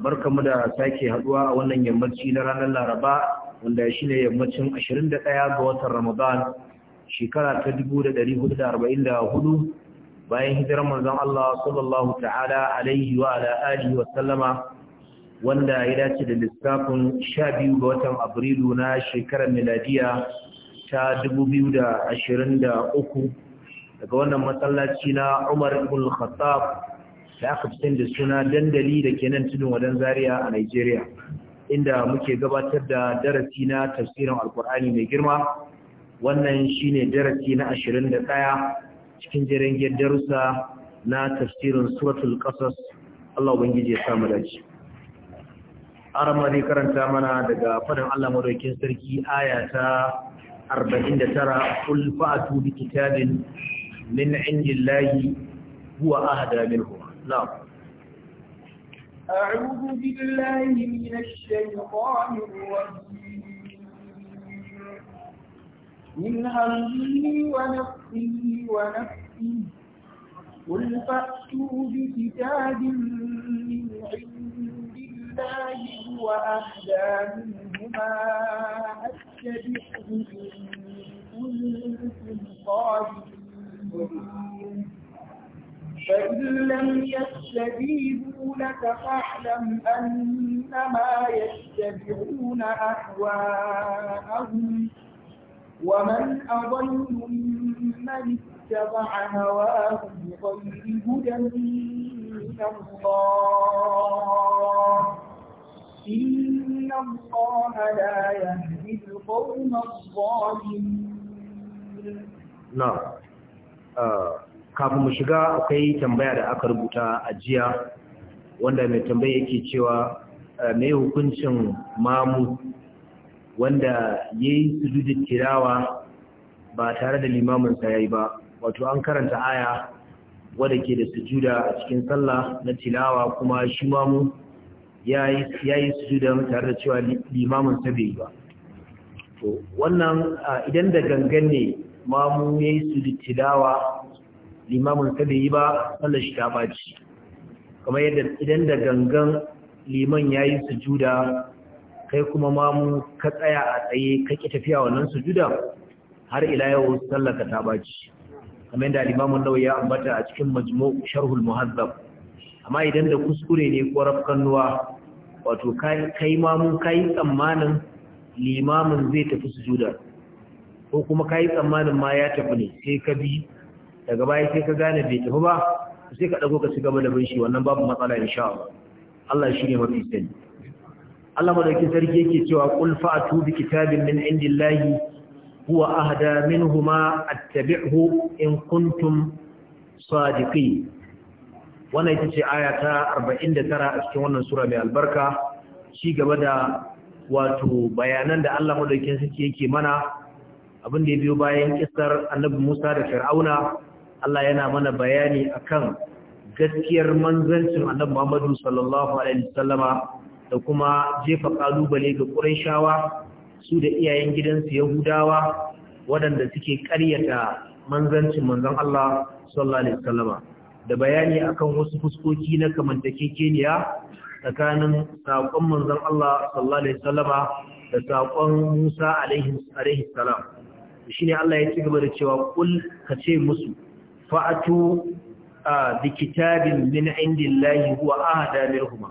barkamu da sake haduwa a wannan yammaci na ranar Laraba wanda shi ne yammacin 21 ga watan Ramadan shekara ta 1444 bayan hijirar manzon Allah sallallahu ta'ala alaihi wa ala alihi wa sallama wanda ya dace da lissafin 12 ga watan Afrilu na shekarar miladiya ta 2023 daga wannan masallaci na Umar ibn Khattab da aka fitar da suna dandali da ke nan tudun wadan zaria a Nigeria inda muke gabatar da darasi na tafsirin alkur'ani mai girma wannan shine darasi na ashirin ɗaya cikin jirgin darussa na tafsirin suratul ƙasas. Allah ubangiji ya samu dace arama zai karanta mana daga faɗan Allah madaukakin sarki aya ta tara, qul a bi kitabin min indillahi huwa ahda minhum نعم أعوذ بالله من الشيطان الرجيم من همه ونفسه ونفسه قل فأتوا بكتاب من عند الله هو أهدى منهما أتبعه إن فإن لم يستجيبوا لك فاعلم أنما يتبعون أهواءهم ومن أضل ممن اتبع هواه بغير هدى من الله إن الله لا يهدي القوم الظالمين نعم آه. kafin mu shiga akwai tambaya da aka rubuta a jiya wanda mai tambaya yake cewa eh, mai hukuncin mamu wanda ya yi sujudin tilawa ba tare da limaminsa ya yi ba wato an karanta aya wadda ke da sujuda a cikin sallah na tilawa kuma shi mamu ya yi sujudan tare da cewa limaminsa bai yi ba to wannan ah, idan da gangan ne mamu ya yi sujudin tilawa limamin ka bai yi ba Allah shi ta baci kamar yadda idan da gangan liman yayi sujuda kai kuma ma mu ka tsaya a tsaye kake tafiya wannan sujuda har ila yau sallar ka ta baci kamar yadda limamin nawa ya ambata a cikin majmu' sharhul muhazzab amma idan da kuskure ne ko rafkanuwa wato kai ma mu kai tsammanin limamin zai tafi sujuda ko kuma kai tsammanin ma ya tafi ne sai ka bi daga baya sai ka gane bai tafi ba sai ka ɗauka ka ci gaba da binshi shi wannan babu matsala insha Allah shi ne mafi sani Allah madaukin sarki yake cewa qul fa'tu bi kitabin min indillahi huwa ahda minhuma attabi'hu in kuntum sadiqin wannan ita ce aya ta 49 a cikin wannan sura mai albarka ci gaba da wato bayanan da Allah madaukin sarki yake mana abin da ya biyo bayan ƙisar Annabi Musa da Fir'auna Allah yana mana bayani akan gaskiyar manzancin Annabi Muhammadu sallallahu alaihi wasallama da kuma jefa kalubale ga Qurayshawa su da iyayen gidansu Yahudawa waɗanda suke ƙaryata manzancin manzon Allah sallallahu alaihi wasallama da bayani akan wasu fuskoki na kamantakekeniya tsakanin saƙon manzon Allah sallallahu alaihi wasallama da saƙon Musa alaihi salam shine Allah ya ci gaba da cewa kul kace musu fa'atu a kitabin min indillahi huwa ahada minhuma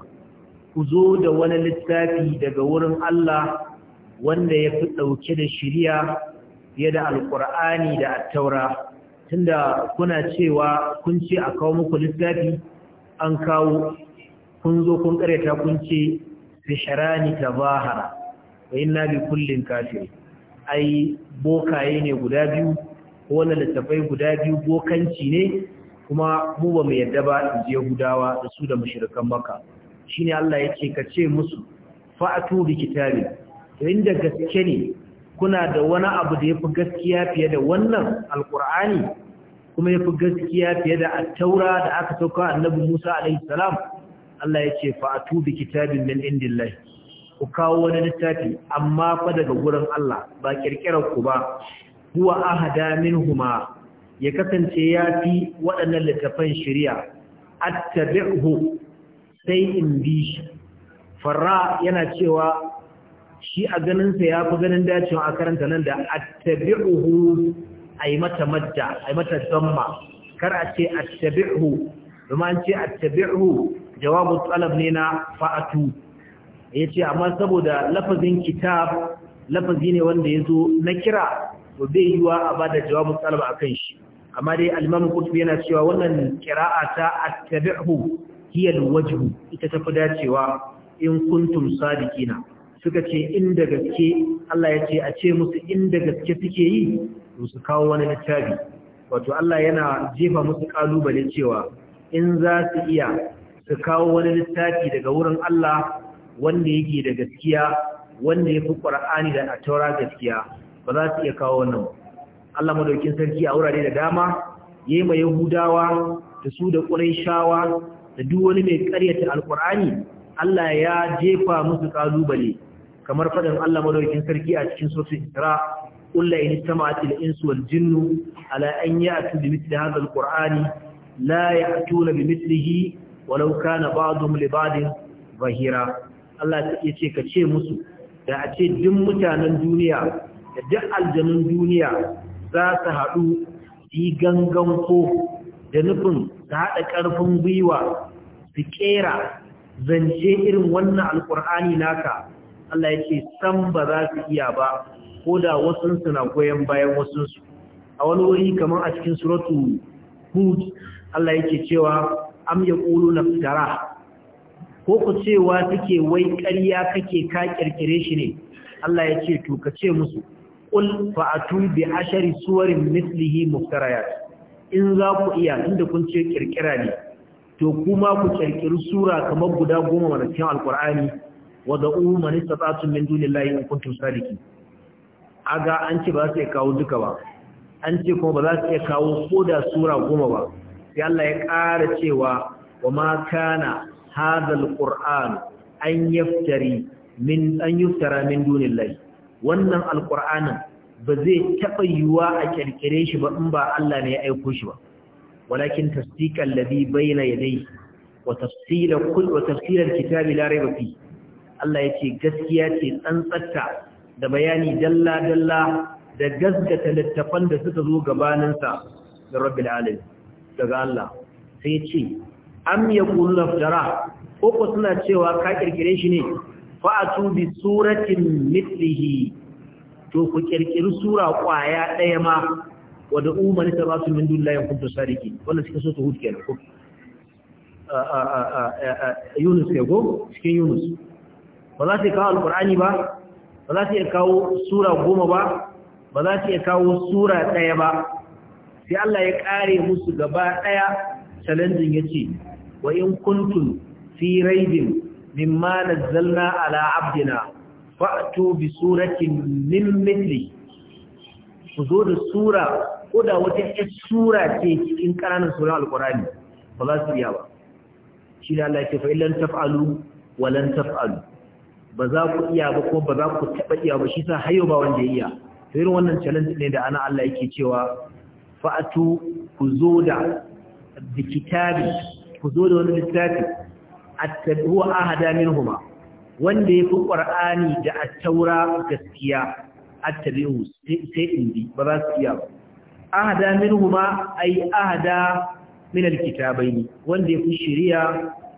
ku zo da wani littafi daga wurin Allah wanda ya fi ɗauke da shiriya fiye da alƙur'ani da attaura tunda kuna cewa kun ce a kawo muku littafi an kawo kun zo kun ƙareta kun ce fi sharani ta bahara wa yin na bi kullum kafin ai bokaye ne guda biyu ko wannan littafai guda biyu bokanci ne kuma mu ba mu yadda ba in je gudawa da su da mushrikan maka shine Allah yace ka ce musu fa'atu bi kitabi To inda gaske ne kuna da wani abu da yafi gaskiya fiye da wannan alqur'ani kuma yafi gaskiya fiye da at-taura da aka sauka annabi Musa alaihi salam Allah yace fa'atu bi kitabin min indillahi ku kawo wani littafi amma fa daga gurin Allah ba kirkirar ku ba huwa ahada minhuma ya kasance ya fi waɗannan littafan shari'a attabi'hu sai in bi shi farra yana cewa shi a ganinsa ya fi ganin dacewa a karanta nan da attabi'uhu ai mata madda ai mata zamma kar a ce attabi'uhu kuma an ce attabi'uhu jawabu talab ne na fa'atu yace amma saboda lafazin kitab lafazi ne wanda ya zo na kira to bai wa a ba da jawabin talaba a kan shi amma dai almamu kutubi yana cewa wannan kira'a ta attabi'hu hiya alwajhu ita ta fi dacewa in kuntum sadiqina suka ce inda gaske Allah ya ce a ce musu inda gaske suke yi to su kawo wani littafi wato Allah yana jefa musu kalubale cewa in za su iya su kawo wani littafi daga wurin Allah wanda yake da gaskiya wanda ya fi ƙwar'ani da a taura gaskiya ba za su iya kawo wannan Allah madaukin sarki a wurare da dama yayi mai Yahudawa da su da Qurayshawa da duk wani mai ƙaryata alkur'ani Allah ya jefa musu kalubale kamar faɗin Allah madaukin sarki a cikin suratul Isra قل إن اجتمعت الإنس والجن على أن يأتوا بمثل هذا القرآن لا kana ba'dhum li badin zahira Allah ya ce ka ce musu. da a ce duk mutanen duniya da duk aljanun duniya za su haɗu yi gangan ko da nufin su haɗa ƙarfin gwiwa su ƙera zance irin wannan alƙur'ani naka Allah ya ce san ba za su iya ba ko da wasansu na goyon bayan wasansu. a wani wuri kamar a cikin suratu hud Allah ya ce cewa am ya ƙulu na fitara ko ku cewa suke wai ƙarya kake ka ƙirƙire shi ne Allah ya ce to ka ce musu ƙul fa'atu bi ashari suwarin mislihi muftarayat in za ku iya inda kun ce kirkira ne to kuma ku kirkiri sura kamar guda goma mana cikin alkur'ani wa da'u man istata'tum min dunillahi in kuntum sadiqin aga an ce ba sai kawo duka ba an ce kuma ba za su iya kawo ko da sura goma ba sai Allah ya ƙara cewa wa ma kana hadal qur'an an yaftari min an yuftara min dunillahi wannan alƙur'anin ba zai taɓa yiwuwa a ƙirƙire shi ba in ba Allah ne ya aiko shi ba walakin tasdiqan ladhi bayna yadayhi wa tafsila kull wa tafsila alkitabi la rayba fi Allah yace gaskiya ce tsantsatta da bayani dalla dalla da gaskata littafan da suka zo gabanin sa da rabbil alamin daga Allah sai yace am yaqulu laftara ko ko suna cewa ka kirkire shi ne fa'atu bi suratin mithlihi to ku kirkiri sura kwaya daya ma da umani ta rasul min ya kuntu sariki wannan cikin kaso tuhud kenan ko Yunus ke go cikin Yunus ba za su kawo alqur'ani ba ba za su kawo sura goma ba ba za ka kawo sura daya ba sai Allah ya kare musu gaba daya challenging yace wa in kuntum fi raidin mimma ala abdina fa'tu bi suratin min mithli ku zo da sura ko da wata ƴar sura ce cikin ƙananan suran alƙur'ani ba za su iya ba shi da Allah ya ce fa wa ba za ku iya ba ko ba za ku taɓa iya ba shi sa hayo ba wanda ya iya to irin wannan challenge ne da ana Allah yake cewa fa'atu ku zo da kitabi ku zo da wani littafi huwa ahada minhuma wanda yafi qur'ani da at-taura gaskiya attabi'u sai in bi ba za su iya ba ahada minhuma ay ahada min al-kitabaini wanda yafi shari'a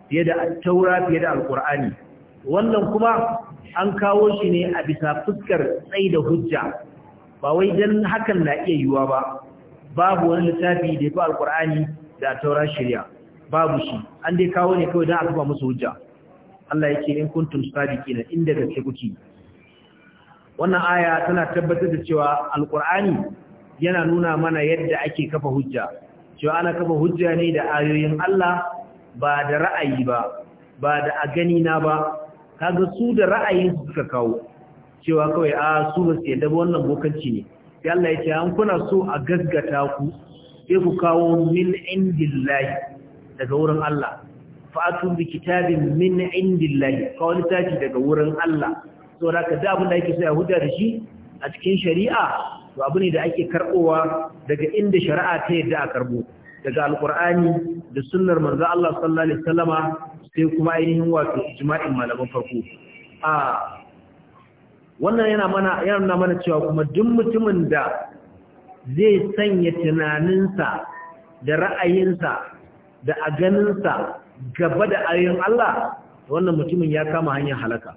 fiye da at-taura fiye da al wannan kuma an kawo shi ne a bisa fuskar tsaida hujja ba wai dan hakan na iya yiwuwa ba babu wani littafi da yafi al-qur'ani da at-taura babu shi an dai kawo ne kawai don a kafa musu hujja Allah yake in kuntum sadiqin inda gaske kuke wannan aya tana tabbatar da cewa alqur'ani yana nuna mana yadda ake kafa hujja cewa ana kafa hujja ne da ayoyin Allah ba da ra'ayi ba ba da a gani na ba kaga su da ra'ayin su suka kawo cewa kawai a ah, su ba su yadda wannan bokanci ne sai Allah ya ce an kuna so a gaggata ku sai ku kawo min indillahi daga wurin Allah fa'atun bi kitabin min indillahi ka wani tafi daga wurin Allah so da ka da abin da ake so ya huda da shi a cikin shari'a to abu ne da ake karbowa daga inda shari'a ta yadda a karbo daga alkur'ani da sunnar manzo Allah sallallahu alaihi wasallama sai kuma ainihin wato ijma'in malaman farko a wannan yana mana yana mana cewa kuma duk mutumin da zai sanya tunaninsa da ra'ayinsa da a ganinsa gaba da ayoyin Allah wannan mutumin ya kama hanyar halaka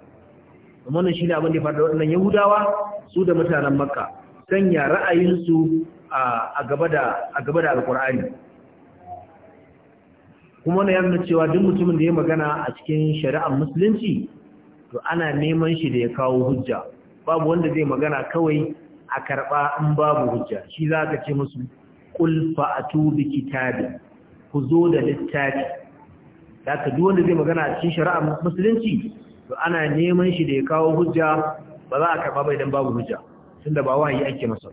wannan shi ne abin da ya da waɗannan yahudawa su da mutanen makka sanya ra'ayinsu a gaba da alƙur'ani kuma wannan ya cewa duk mutumin da ya magana a cikin shari'ar musulunci to ana neman shi da ya kawo hujja babu wanda zai magana kawai a karɓa in babu hujja shi za ka ce musu ƙulfa a tubi kitabin ku zo da littafi daga duk wanda zai magana a cikin shari'a musulunci to ana neman shi da ya kawo hujja ba za a karɓa bai idan babu hujja tunda ba wahayi ake masa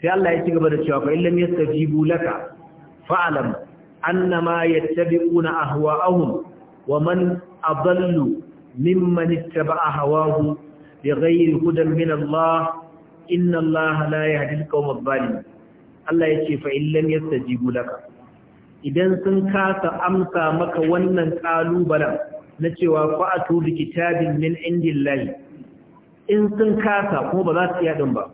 sai Allah ya ci gaba da cewa fa illam yastajibu laka fa'lam annama yattabi'una ahwa'ahum wa man adallu mimman ittaba'a hawahu bighayri hudan min Allah inna Allah la yahdi al-qawma adh-dhalimin Allah yace fa illam yastajibu laka idan sun kasa amsa maka wannan kalubalen na cewa fa'atu bi kitabin min indillahi in sun kasa kuma ba za su iya din ba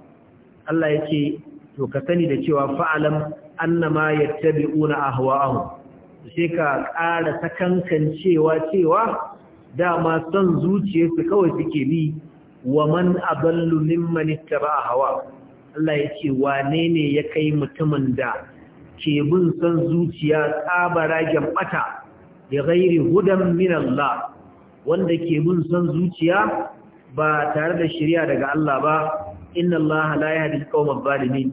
Allah yake to ka sani da cewa fa'alam annama yattabi'una ahwa'ahum sai ka ƙara sakankan cewa cewa dama son zuciyarsu kawai suke bi wa man adallu mimman ittaba hawa Allah yake wane ne ya kai mutumin da ke bin san zuciya tsabara gyambata da gairi hudan minallah wanda ke bin san zuciya ba tare da shirya daga Allah ba inna Allah la yahdi al-qawma zalimin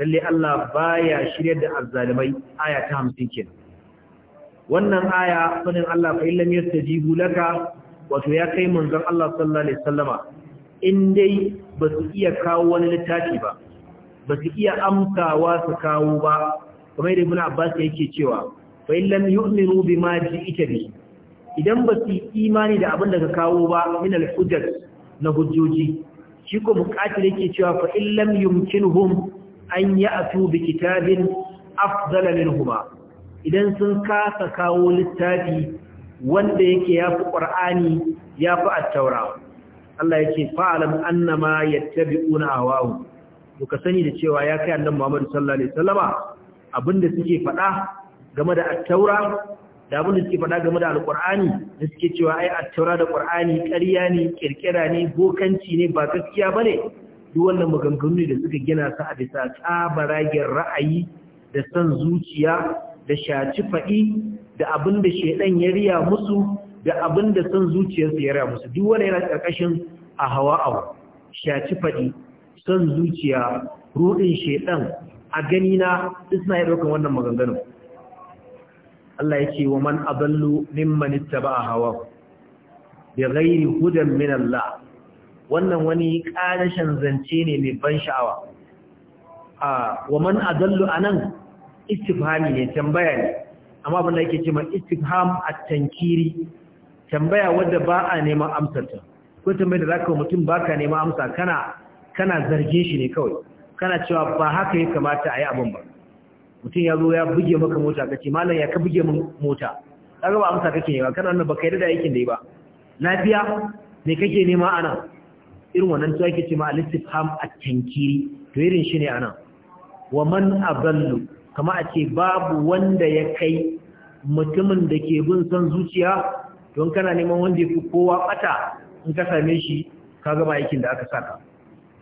lalle Allah baya shiryar da azzalimai aya ta 50 kenan wannan aya sunan Allah fa illam yastajibu laka wato ya kai manzon Allah sallallahu alaihi wasallama in dai ba su iya kawo wani littafi ba ba su iya amsawa su kawo ba kamar da ibn abbas ya yake cewa fa in yu'minu bima ji'ita bi idan ba su imani da abin da ka kawo ba min al na hujjoji shi ko muqatil yake cewa fa in yumkinuhum an ya'tu bi kitabin afdala minhuma idan sun kasa kawo littafi wanda yake yafi qur'ani yafi at-taura Allah yake fa'alam annama yattabi'una awahu to ka sani da cewa ya kai annabi Muhammad sallallahu alaihi wasallama abinda suke fada game da attaura da abinda suke faɗa game da alƙur'ani da suke cewa ai attaura da ƙur'ani ƙarya ne ƙirƙira ne bokanci ne ba gaskiya bane ne duk wannan maganganu da suka gina su a bisa tsabaragen ra'ayi da san zuciya da shaci faɗi da abinda shedan ya riya musu da abinda son zuciyarsu ya riya musu duk wannan yana ƙarƙashin a hawa abu shaci faɗi son zuciya ruɗin shedan a gani na suna ya ɗaukar wannan maganganun Allah ya ce wa man adallu mimman ittaba hawa bi ghairi hudan min Allah wannan wani ƙarashin zance ne mai ban sha'awa a wa man adallu anan istifhami ne tambaya ne amma abin da yake ce istifham at-tankiri tambaya wanda ba a neman amsarta ko tambayar da zaka mutum baka neman amsa kana kana zargin shi ne kawai kana cewa ba haka ya kamata a yi abin ba mutum ya zo ya buge maka mota ka ce malam ya ka buge min mota ka ga amsa kake ne ba kana wannan baka yarda da aikin da yi ba lafiya me kake nema ana irin wannan to yake ce ma al ham at-tankiri to irin shi ne ana wa man aballu kama a ce babu wanda ya kai mutumin da ke bin san zuciya don kana neman wanda ya fi kowa bata in ka same shi ka gaba aikin da aka saka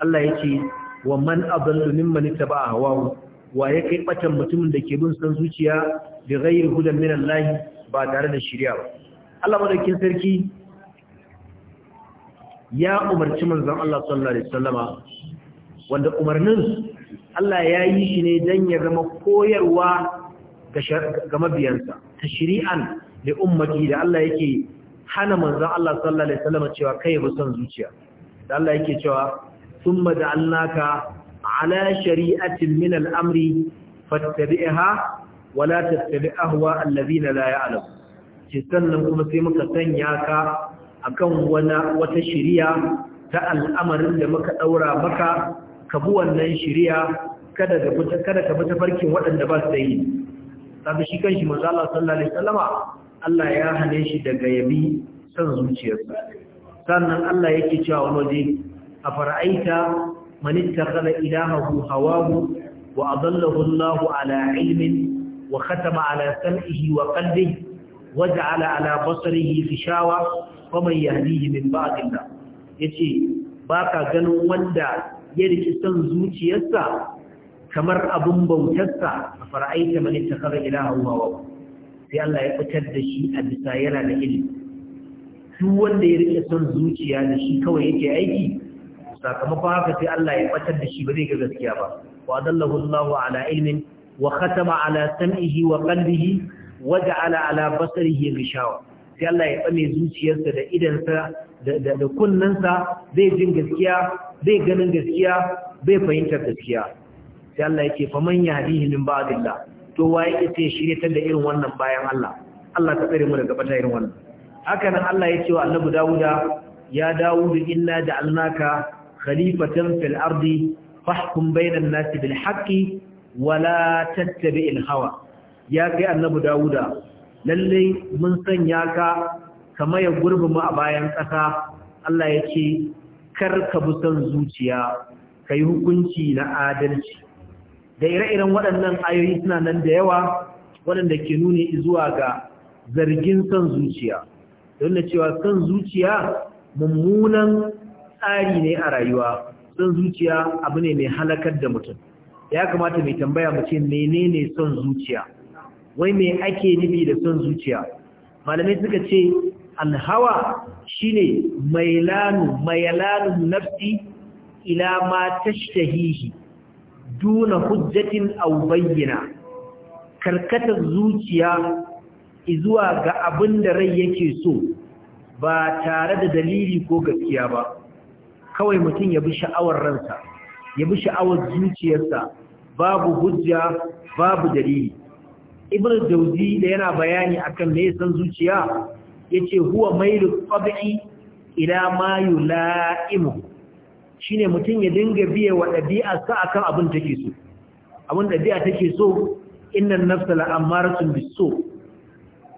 Allah ya ce wa man adallu mimman a wa wa ya kai batan mutumin da ke bin san zuciya da ghairi hudan min Allah ba tare da shari'a ba Allah madaukin sarki ya umarci manzon Allah sallallahu alaihi wasallama wanda umarnin Allah ya yi shi ne dan ya zama koyarwa ga mabiyansa ta shari'an da ummati da Allah yake hana manzon Allah sallallahu alaihi wasallama cewa kai ba san zuciya da Allah yake cewa ثم جعلناك على شريعة من الأمر wala ولا تتبع أهواء الذين لا يعلم sannan kuma sai muka sanya ka akan wani wata shiriya ta al'amarin da muka ɗaura maka ka bi wannan shiriya kada ka bi ta ka farkin waɗanda ba da yi shi kanshi Allah ya hane shi daga yabi san zuciyarsa sannan Allah yake cewa wani waje afara'aita man ittakhala ilahahu hawahu wa adallahu Allahu ala ilmin wa khatama ala sam'ihi wa qalbihi wa ja'ala ala basarihi fishawa fa man yahdihi min ba'dillah yace baka ganin wanda ya rike son zuciyarsa kamar abun bautarsa afara'aita man ittakhala ilahahu hawahu sai Allah ya fitar da shi a bisa yana da ilimi duk wanda ya rike son zuciya da shi kawai yake aiki sakamakon haka sai Allah ya ɓatar da shi ba zai ga gaskiya ba wa adallahu Allahu ala ilmin wa khatama ala sam'ihi wa qalbihi wa ja'ala ala basarihi ghishawa sai Allah ya tsame zuciyarsa da idansa da kunnansa zai jin gaskiya zai ganin gaskiya zai fahimtar gaskiya sai Allah yake faman yahdihi min ba'dillah to waye yake shirya ta da irin wannan bayan Allah Allah ka tsare mu daga bata irin wannan Hakan Allah ya ce wa Annabi Dawuda ya da inna ja'alnaka khalifatan fil ardi fahkum bainan nasi bil haqqi wala tattabi'il ilhawa. ya kai annabi dawuda Lallai mun sanya ka kama ya gurbi mu a bayan ƙasa Allah ya ce kar ka bi son zuciya ka yi hukunci na adalci da ire-iren waɗannan ayoyi suna nan da yawa waɗanda ke nuni zuwa ga zargin son zuciya don da cewa son zuciya mummunan tsari ne a rayuwa son zuciya abu ne mai halakar da mutum ya kamata mai tambaya mace menene son zuciya wai mai ake nufi da son zuciya malamai suka ce alhawa shine mailanu mailanu nafsi ila ma tashtahihi duna hujjatin aw bayyina karkatar zuciya izuwa ga abin da rai yake so ba tare da dalili ko gaskiya ba kawai mutum ya bi sha'awar ransa ya bi sha'awar zuciyarsa babu hujja babu dalili ibnu dawzi da yana bayani akan me san zuciya yace huwa mailu qabi ila ma yula'imu shine mutum ya dinga biye wa sa akan abin take so abin dabi'a take so innan nafsa la'amaratun biso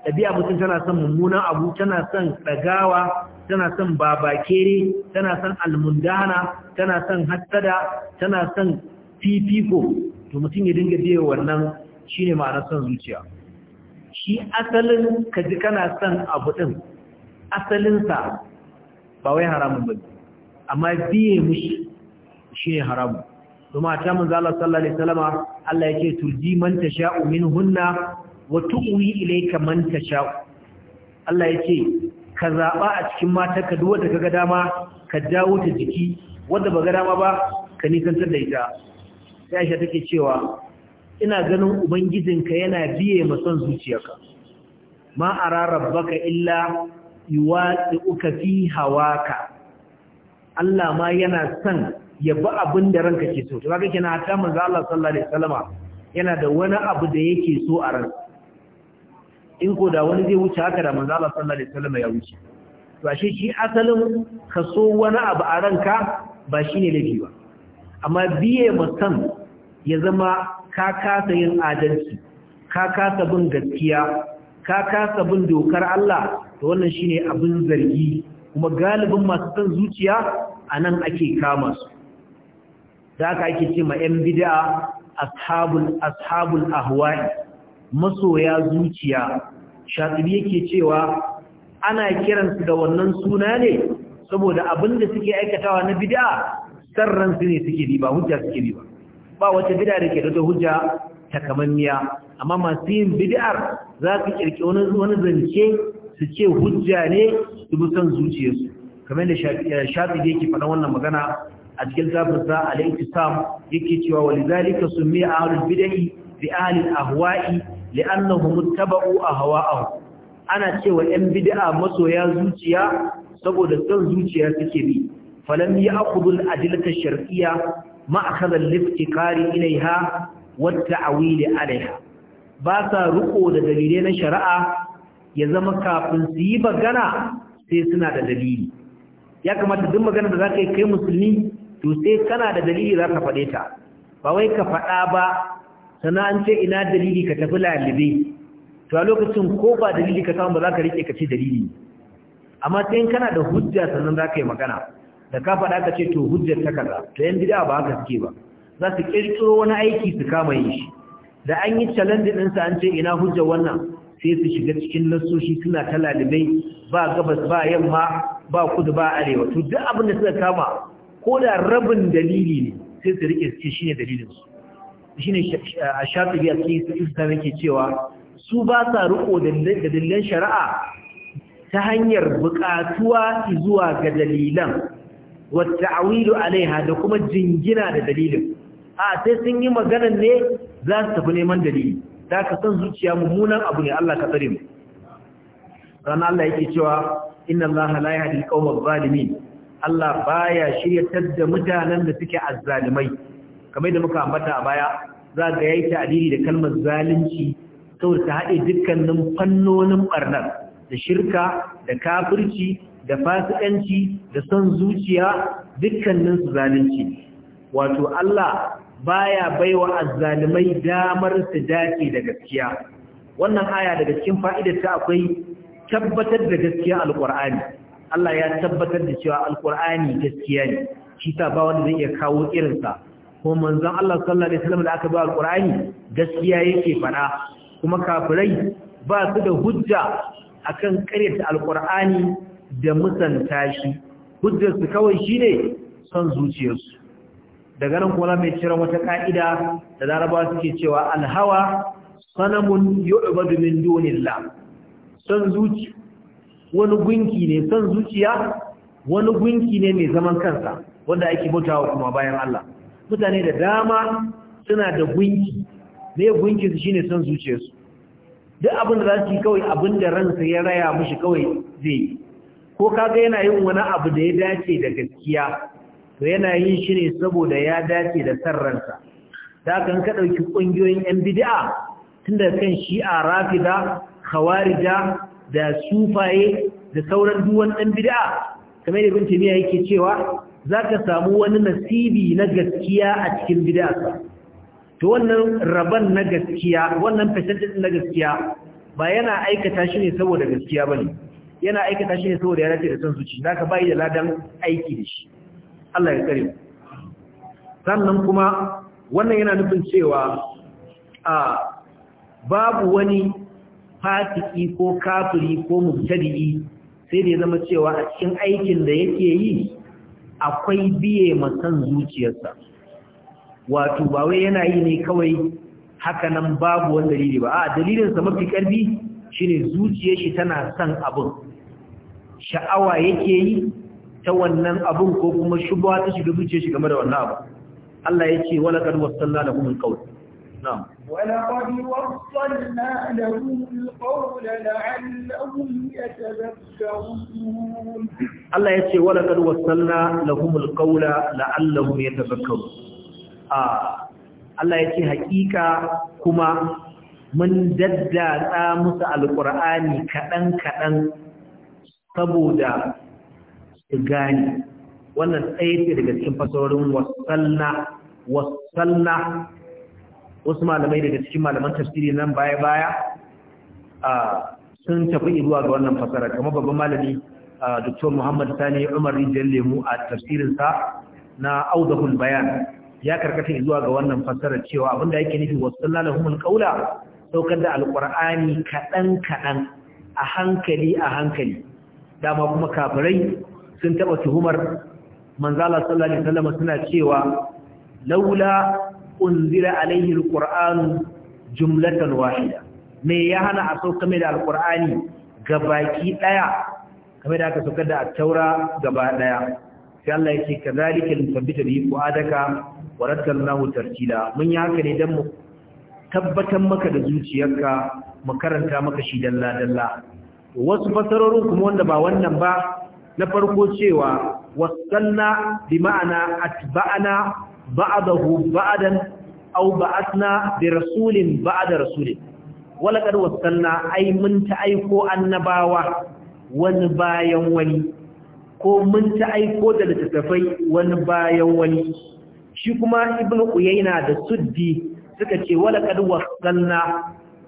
ɗabi'a mutum tana son mummunan abu tana son ɗagawa tana son babakere tana son almundana tana son hattada tana son fifiko to mutum ya dinga biye wannan shi ne ma'anar son zuciya shi asalin ka ji kana son abu ɗin asalinsa ba wai haramun ba amma biye mushi ne haramun kuma ta mun Allah sallallahu alaihi wasallama Allah yake turji man tasha'u minhunna wa tu'wi ilayka man tasha Allah ce ka zaɓa a cikin mata ka duwa wanda kaga dama ka dawo ta jiki wanda ba ga dama ba ka nisantar da ita sai Aisha take cewa ina ganin ubangijinka yana biye ma son zuciyarka ma ara rabbaka illa uka fi hawaka Allah ma yana son ya bi abin da ranka ke so to kaga kenan hatta manzo Allah sallallahu alaihi wasallama yana da wani abu da yake so a ranka in ko da wani zai wuce haka da manzo Allah sallallahu alaihi wasallam ya wuce to ashe shi asalin kaso wani abu a ranka ba shine laifi ba amma biye musan ya zama ka kasa yin adalci ka kasa bin gaskiya ka kasa bin dokar Allah to wannan shine abin zargi kuma galibin masu san zuciya anan ake kama su da aka ake ce ma 'yan bid'a ashabul ashabul ahwa'i masoya zuciya shatibi yake cewa ana kiransu da wannan suna ne saboda abinda da suke aikatawa na bid'a sarran su ne suke bi ba hujja suke ba ba wata bid'a da ke da hujja kamanniya amma masu yin bid'a za su kirki wani zance su ce hujja ne su bi son zuciyarsu kamar da eh, shatibi yake faɗa wannan magana a cikin zafinsa al-iktisam yake cewa walizalika summiya ahlul bid'i bi ahli ahwai li'annahum ittaba'u ahwa'ahum ana cewa yan bid'a masoya zuciya saboda son zuciya suke bi falam ya'khudhu al-adillata ash-shar'iyya ma akhadha al-iftikari ilayha wa at-ta'wil alayha ba sa ruko da dalilai na shari'a ya zama kafin su yi magana sai suna da dalili ya kamata duk magana da zaka yi kai musulmi to sai kana da dalili zaka faɗe ta ba wai ka faɗa ba sannan an ce ina dalili ka tafi lalibe to a lokacin ko ba dalili ka samu ba za ka rike ka ce dalili amma sai kana da hujja sannan za ka yi magana da ka faɗa ka ce to hujjar ta kaza to yan bid'a ba haka suke ba za su kirkiro wani aiki su kama yin shi da an yi challenge sa an ce ina hujjar wannan sai su shiga cikin nassoshi suna ta lalibai ba gabas ba yamma ba kudu ba arewa to duk abin da suka kama ko da rabin dalili ne sai su rike su ce shine su shine shafi a cikin islam cewa su ba sa riko da dalilan shari'a ta hanyar buƙatuwa zuwa ga dalilan wata awilu alaiha da kuma jingina da dalilin a sai sun yi maganan ne za su tafi neman dalili da ka san zuciya mummunan abu ne Allah ka tsare mu ranar Allah yake cewa inna Allah la yahdi al-qawma adh-dhalimin Allah baya shiryar da mutanen da suke azzalimai kamar da muka ambata a baya za ga yayi ta'adili da kalmar zalunci saboda ta haɗe dukkanin fannonin ɓarnar, da shirka da kafirci da fasikanci da son zuciya dukkanin su zalunci wato Allah baya baiwa azzalimai damar su dace da gaskiya wannan aya daga cikin ta akwai tabbatar da gaskiya alqur'ani Allah ya tabbatar da cewa alqur'ani gaskiya ne shi ta ba wanda zai iya kawo irinsa ko manzon Allah sallallahu alaihi wasallam da aka ba alqur'ani gaskiya yake fada kuma kafirai ba su da hujja akan karyata alqur'ani da musanta shi hujjar su kawai shine son zuciyarsu daga nan kuma mai cira wata ka'ida da laraba suke cewa alhawa sanamun yu'badu min dunillah son zuci wani gunki ne son zuciya wani gunki ne mai zaman kansa wanda ake bautawa kuma bayan Allah mutane da dama suna da gunki mai gunki su shine son zuciyarsu duk abin da za su yi kawai abin da ransa ya raya mushi kawai zai yi ko kaga yana yin wani abu da ya dace da gaskiya to yana yin shi ne saboda ya dace da san ransa da kan ka ɗauki ƙungiyoyin 'yan bid'a tun da kan shi'a rafida khawarija da sufaye da sauran duwan ɗan bid'a kamar da binta yake cewa za ka samu wani nasibi na gaskiya a cikin bidansa to wannan rabon na gaskiya wannan fashantar na gaskiya ba yana aikata shi ne saboda gaskiya ba ne yana aikata shi ne saboda ya ce da son zuci za ka bayi da ladan aiki da shi Allah ya tsare sannan kuma wannan yana nufin cewa a babu wani fatiki ko kafiri ko mubtadi'i sai da ya zama cewa a cikin aikin da yake yi akwai biye masan zuciyarsa wato ba wai yana yi ne kawai haka nan babu wani dalili ba a dalilinsa mafi karfi shine zuciyar shi tana son abin sha'awa yake yi ta wannan abun ko kuma shubha ta shiga zuciyar shi game da wannan abu Allah ya ce wala kad da lahum alqawl نعم ولقد وصلنا لهم القول لعلهم يتذكرون الله يتي ولقد وصلنا لهم القول لعلهم يتذكرون Allah ya ce hakika kuma mun daddata musu alƙur'ani kaɗan-kaɗan saboda su gani wannan tsaye daga cikin fasarorin wasanna wasanna wasu malamai daga cikin malaman tafsiri nan baya-baya sun tafi zuwa ga wannan fasara kamar babban malami Dr. Muhammad Sani Umar Rijal Lemu a tafsirinsa na Audahul Bayan ya karkata zuwa ga wannan fasara cewa abinda yake nufi wasallallahu qaula saukar da alkur'ani kaɗan-kaɗan, a hankali a hankali dama kuma kafirai sun taɓa tuhumar manzala sallallahu alaihi wasallam suna cewa laula unzira alaihi alqur'anu jumlatan wahida me ya hana a sauka mai da alqur'ani gabaki daya kamar da aka sauka da a taura gaba daya sai Allah yake kazalika lintabbita bi qadaka wa rattalnahu tartila mun yi haka ne dan mu tabbatar maka da zuciyarka mu karanta maka shi dalla dalla wasu fasarorin kuma wanda ba wannan ba na farko cewa wasanna bi ma'ana atba'ana ba'dahu ba'dan aw ba'athna bi rasulin ba'da rasulin wala kad wasalna ay mun ta aiko annabawa wani bayan wani ko mun ta aiko da littattafai wani bayan wani shi kuma ibnu uyayna da suddi suka ce wala kad wasalna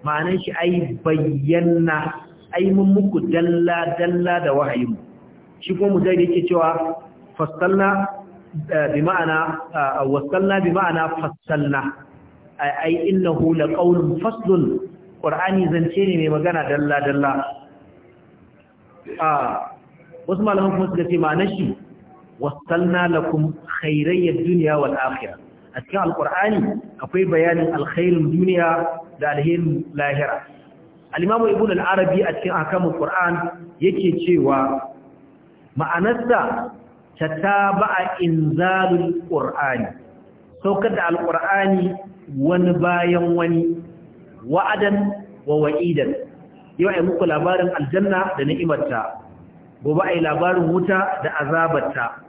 ma'anan shi ai bayyana ai mun muku dalla dalla da wahayin shi kuma mu dai yake cewa fasalna bi ma'ana wasalna bi ma'ana fassalna ai hula laqawlun faslun qur'ani zance ne magana dalla dalla a wasu malaman kuma suka ce ma'anar shi wasalna lakum khairayyad dunya wal a cikin Alƙur'ani, akwai bayanin alkhairin duniya da alherin lahira al-imamu a cikin ahkamul qur'an yake cewa ma'anarsa tataba'a inzalul ƙur'ani saukar da alqur'ani wani bayan wani wa'adan wa wa'idan yau yi muku labarin aljanna da ni'imarta gobe yi labarin wuta da azabarta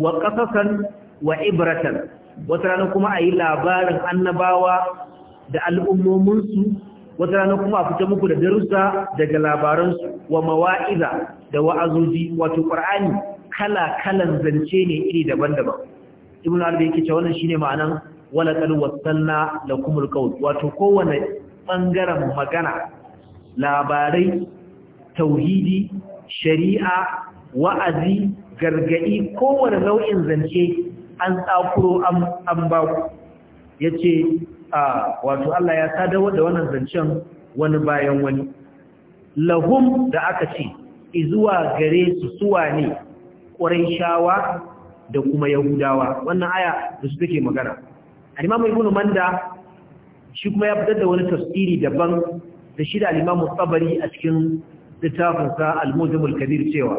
wa qasasan wa ibratan wata rana kuma yi labarin annabawa da al'ummominsu wata rana kuma a fita muku da darussa daga labaransu wa mawa'iza da wa'azoji wato ƙur'ani kala-kalan zance ne iri daban-daban ibn arabi yake cewa wannan shine ma'anan wala qad wasalna lakumul qawl wato kowane bangaren magana labarai tauhidi shari'a wa'azi gargadi kowanne nau'in zance an tsakuro an ba ku yace wato Allah ya sadawa da wannan zancen wani bayan wani lahum da aka ce izuwa gare su suwa ne shawa da kuma yahudawa wannan aya da su take magana al-imam manda shi kuma ya fitar da wani tafsiri daban da shi da al-imam a cikin littafinsa al-mujam al-kabir cewa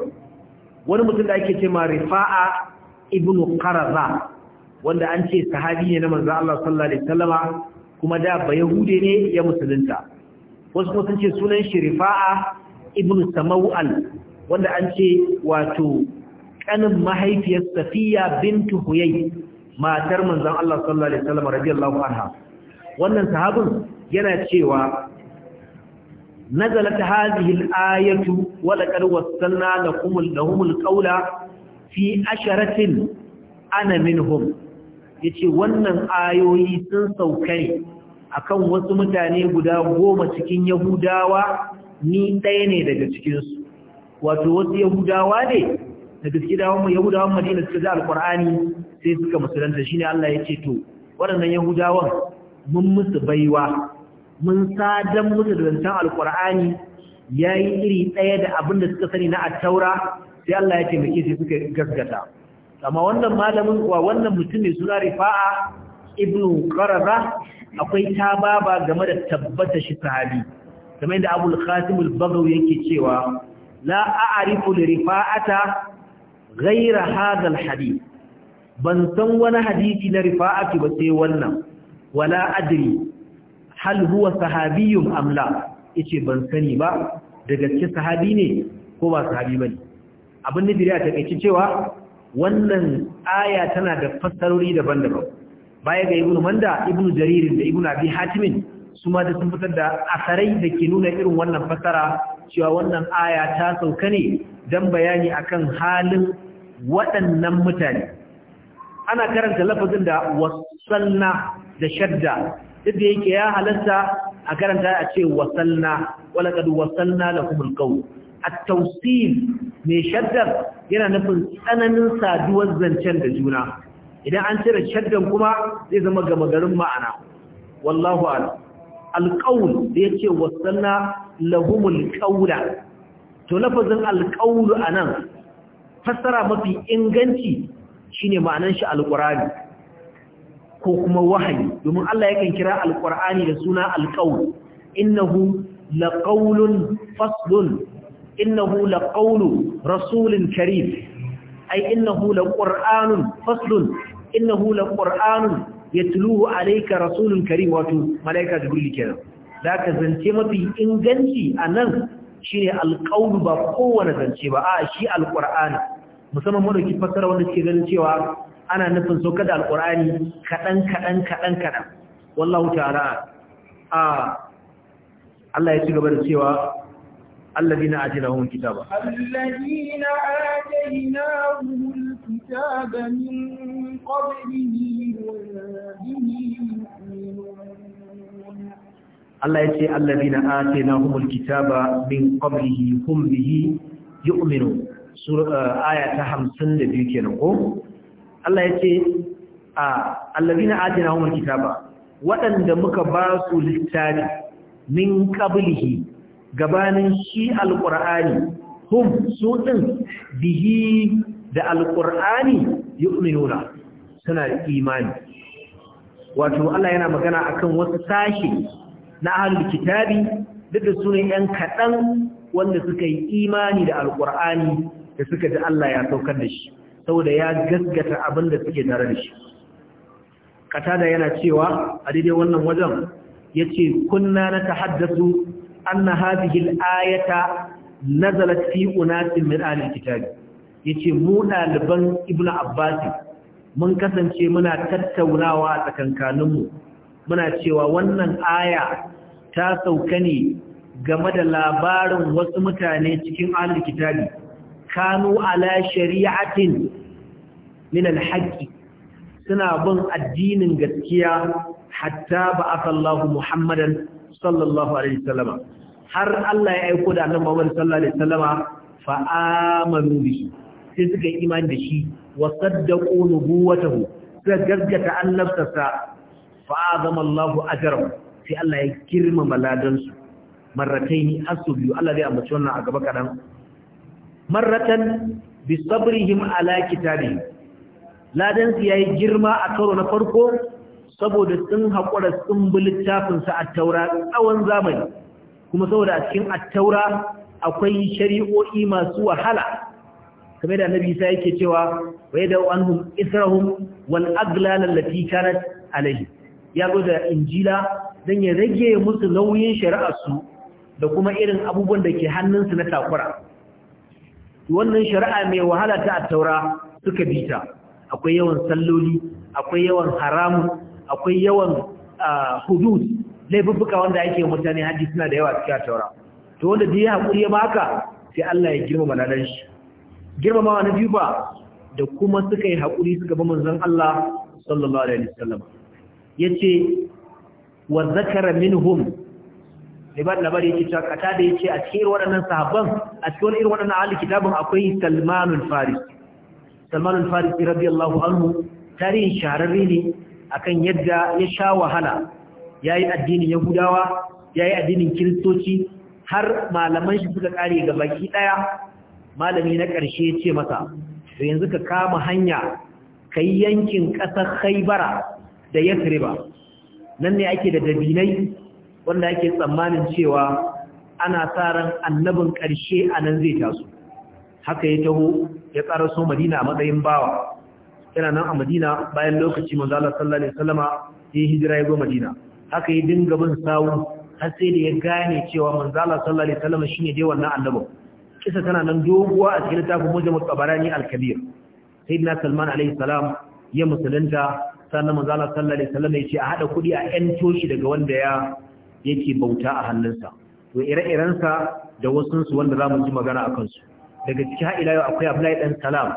wani mutum da ake cewa rifa'a ibn qaraza wanda an ce sahabi ne na manzo Allah sallallahu kuma da ba yahude ne ya musulunta wasu mutum sun ce sunan shi rifa'a ibn samawal wanda an ce wato kanin mahaifiyar safiya bintu huyai matar manzon Allah sallallahu alaihi wasallam radiyallahu anha wannan sahabin yana cewa nazalat hadhihi al-ayatu wa laqad wassalna lakum lahum al-qawla fi asharatin ana minhum yace wannan ayoyi sun sauka ne akan wasu mutane guda goma cikin yahudawa ni ɗaya ne daga cikinsu wato wasu yahudawa ne da gaske da wani yahudawan madina suka ji alkur'ani sai suka musulunta shine Allah ya ce to waɗannan yahudawan mun musu baiwa mun sadan musu da zancen alkur'ani yayi iri ɗaya da abin da suka sani na attaura sai Allah ya taimake sai suka gaskata amma wannan malamin wa wannan mutum mai suna rifa'a ibnu qaraba akwai tababa game da tabbata shi sahabi kamar da abul qasim al-bagawi yake cewa la a'rifu li rifa'ata Gaira hadal hadith ban san wani hadisi na rifa'ati ba sai wannan wala adri hal huwa sahabiyyun am la yace ban sani ba da gaske sahabi ne ko ba sahabi bane abin da diriya ta kace cewa wannan aya tana da fassarori daban-daban baya ga ibnu manda ibnu jarir da ibnu abi hatim su ma da sun fitar da asarai da ke nuna irin wannan fassara cewa wannan aya ta sauka ne don bayani akan halin waɗannan mutane ana karanta lafazin da wasanna da shadda duk da yake ya halarta, a karanta a ce wasanna walaƙad wasanna da kuma kawo a tausil mai shaddar yana nufin tsananin saduwar zancen da juna idan an cire shaddan kuma zai zama gama garin ma'ana wallahu ala alƙawul da ya ce wasanna lahumul ƙaula to lafazin alƙawlu a nan fassara mafi inganci shine ma'anan shi alƙurani ko kuma wahayi domin Allah yakan kira alƙurani da suna alƙawlu innahu laƙaulun faslun innahu laƙaulu rasulun karim ay innahu laƙur'anun faslun innahu laqur'anun yatluhu alaika rasulun karim wato malaika jibril kenan zaka zance mafi inganci a nan? shine alqaulu ba kowane zance ba a shi Alƙur'ani. musamman mun dauki fasara wanda ke ganin cewa ana nufin saukar da Alƙur'ani kaɗan-kaɗan. kaɗan kadan wallahu ta'ala a Allah ya ci gaba da cewa الذين آتيناهم الكتاب الذين آتيناهم الكتاب من قبله Allah ya ce allazina atainahumul kitaba min qablihi hum bihi yu'minu uh, aya ta 52 kenan ko Allah ya ce a allazina atainahumul kitaba waɗanda muka ba su littafi min qablihi gabanin shi alqur'ani hum su din bihi da alqur'ani yu'minuna suna imani wato Allah yana magana akan wasu sashi na ahlul kitabi duk da sunan yan kaɗan wanda suka yi imani da alƙur'ani da suka ji Allah ya saukar da shi saboda ya gaskata abin da suke tare da shi katada yana cewa a daidai wannan wajen ya ce kunna na ta haddasu an na ayata nazalat fi unasin min alil kitabi ya ce mu ɗaliban ibnu abbasi mun kasance muna tattaunawa a tsakankaninmu muna cewa wannan aya ta sauka ne game da labarin wasu mutane cikin alkitabi kanu ala shari'atin min alhaqi suna bin addinin gaskiya hatta ba'atha Muhammadan sallallahu alaihi wasallam har Allah ya aiko da Annabi Muhammad sallallahu alaihi wasallama fa amanu bihi sai suka yi imani da shi wa saddaqu nubuwatahu suka gaskata annabtarsa fa'azama Allahu ajrahum sai Allah ya girmama ladan su marrataini asubi Allah zai ambaci wannan a gaba kaɗan. marratan bi sabrihim ala kitabi ladansu su yayi girma a karo na farko saboda sun hakura sun bi littafin sa a taura tsawon zamani kuma saboda a cikin at-taura akwai shari'o'i masu wahala kamar da annabi yake cewa wa yadau anhum israhum wal aglal allati kanat alayhi ya zo da injila don ya rage musu nauyin shari'arsu da kuma irin abubuwan da ke hannunsu na takura wannan shari'a mai wahala ta taura suka bita akwai yawan salloli akwai yawan haramu akwai yawan hudud laifuka wanda yake mutane haji suna da yawa cikin taura to wanda da ya haƙuri ya maka, sai Allah ya girmama ladan shi girmamawa na biyu ba da kuma suka yi hakuri suka ba manzon Allah sallallahu alaihi wasallam yace wa zakara minhum liban labari yake cewa kata da yace a cikin waɗannan sahabban a cikin irin waɗannan ahli kitabun akwai Salmanul Faris Salmanul Faris radiyallahu anhu tarihin shahararre ne akan yadda ya sha wahala yayi addinin Yahudawa yayi addinin Kiristoci har malaman shi suka kare ga baki daya malami na ƙarshe ya ce masa to yanzu ka kama hanya kai yankin ƙasar Khaibara da yasriba nan ne ake da dabinai wanda ake tsammanin cewa ana sa annabin ƙarshe a nan zai taso haka ya taho ya tsara so madina a matsayin bawa yana nan a madina bayan lokaci manzo sallallahu alaihi wasallama ya hijira ya zo madina haka ya dinga bin sawu har sai da ya gane cewa manzo sallallahu alaihi shi shine dai wannan annabin kisa tana nan doguwa a cikin littafin mujammal tabarani al na Salman alaihi salam ya musulunta sannan manzo Allah sallallahu alaihi ya ce a haɗa kuɗi a yan toshi daga wanda ya yake bauta a hannunsa to ire-irensa da wasu su wanda zamu ji magana akan su daga ciki ha'ila yau akwai Abdullahi dan Salam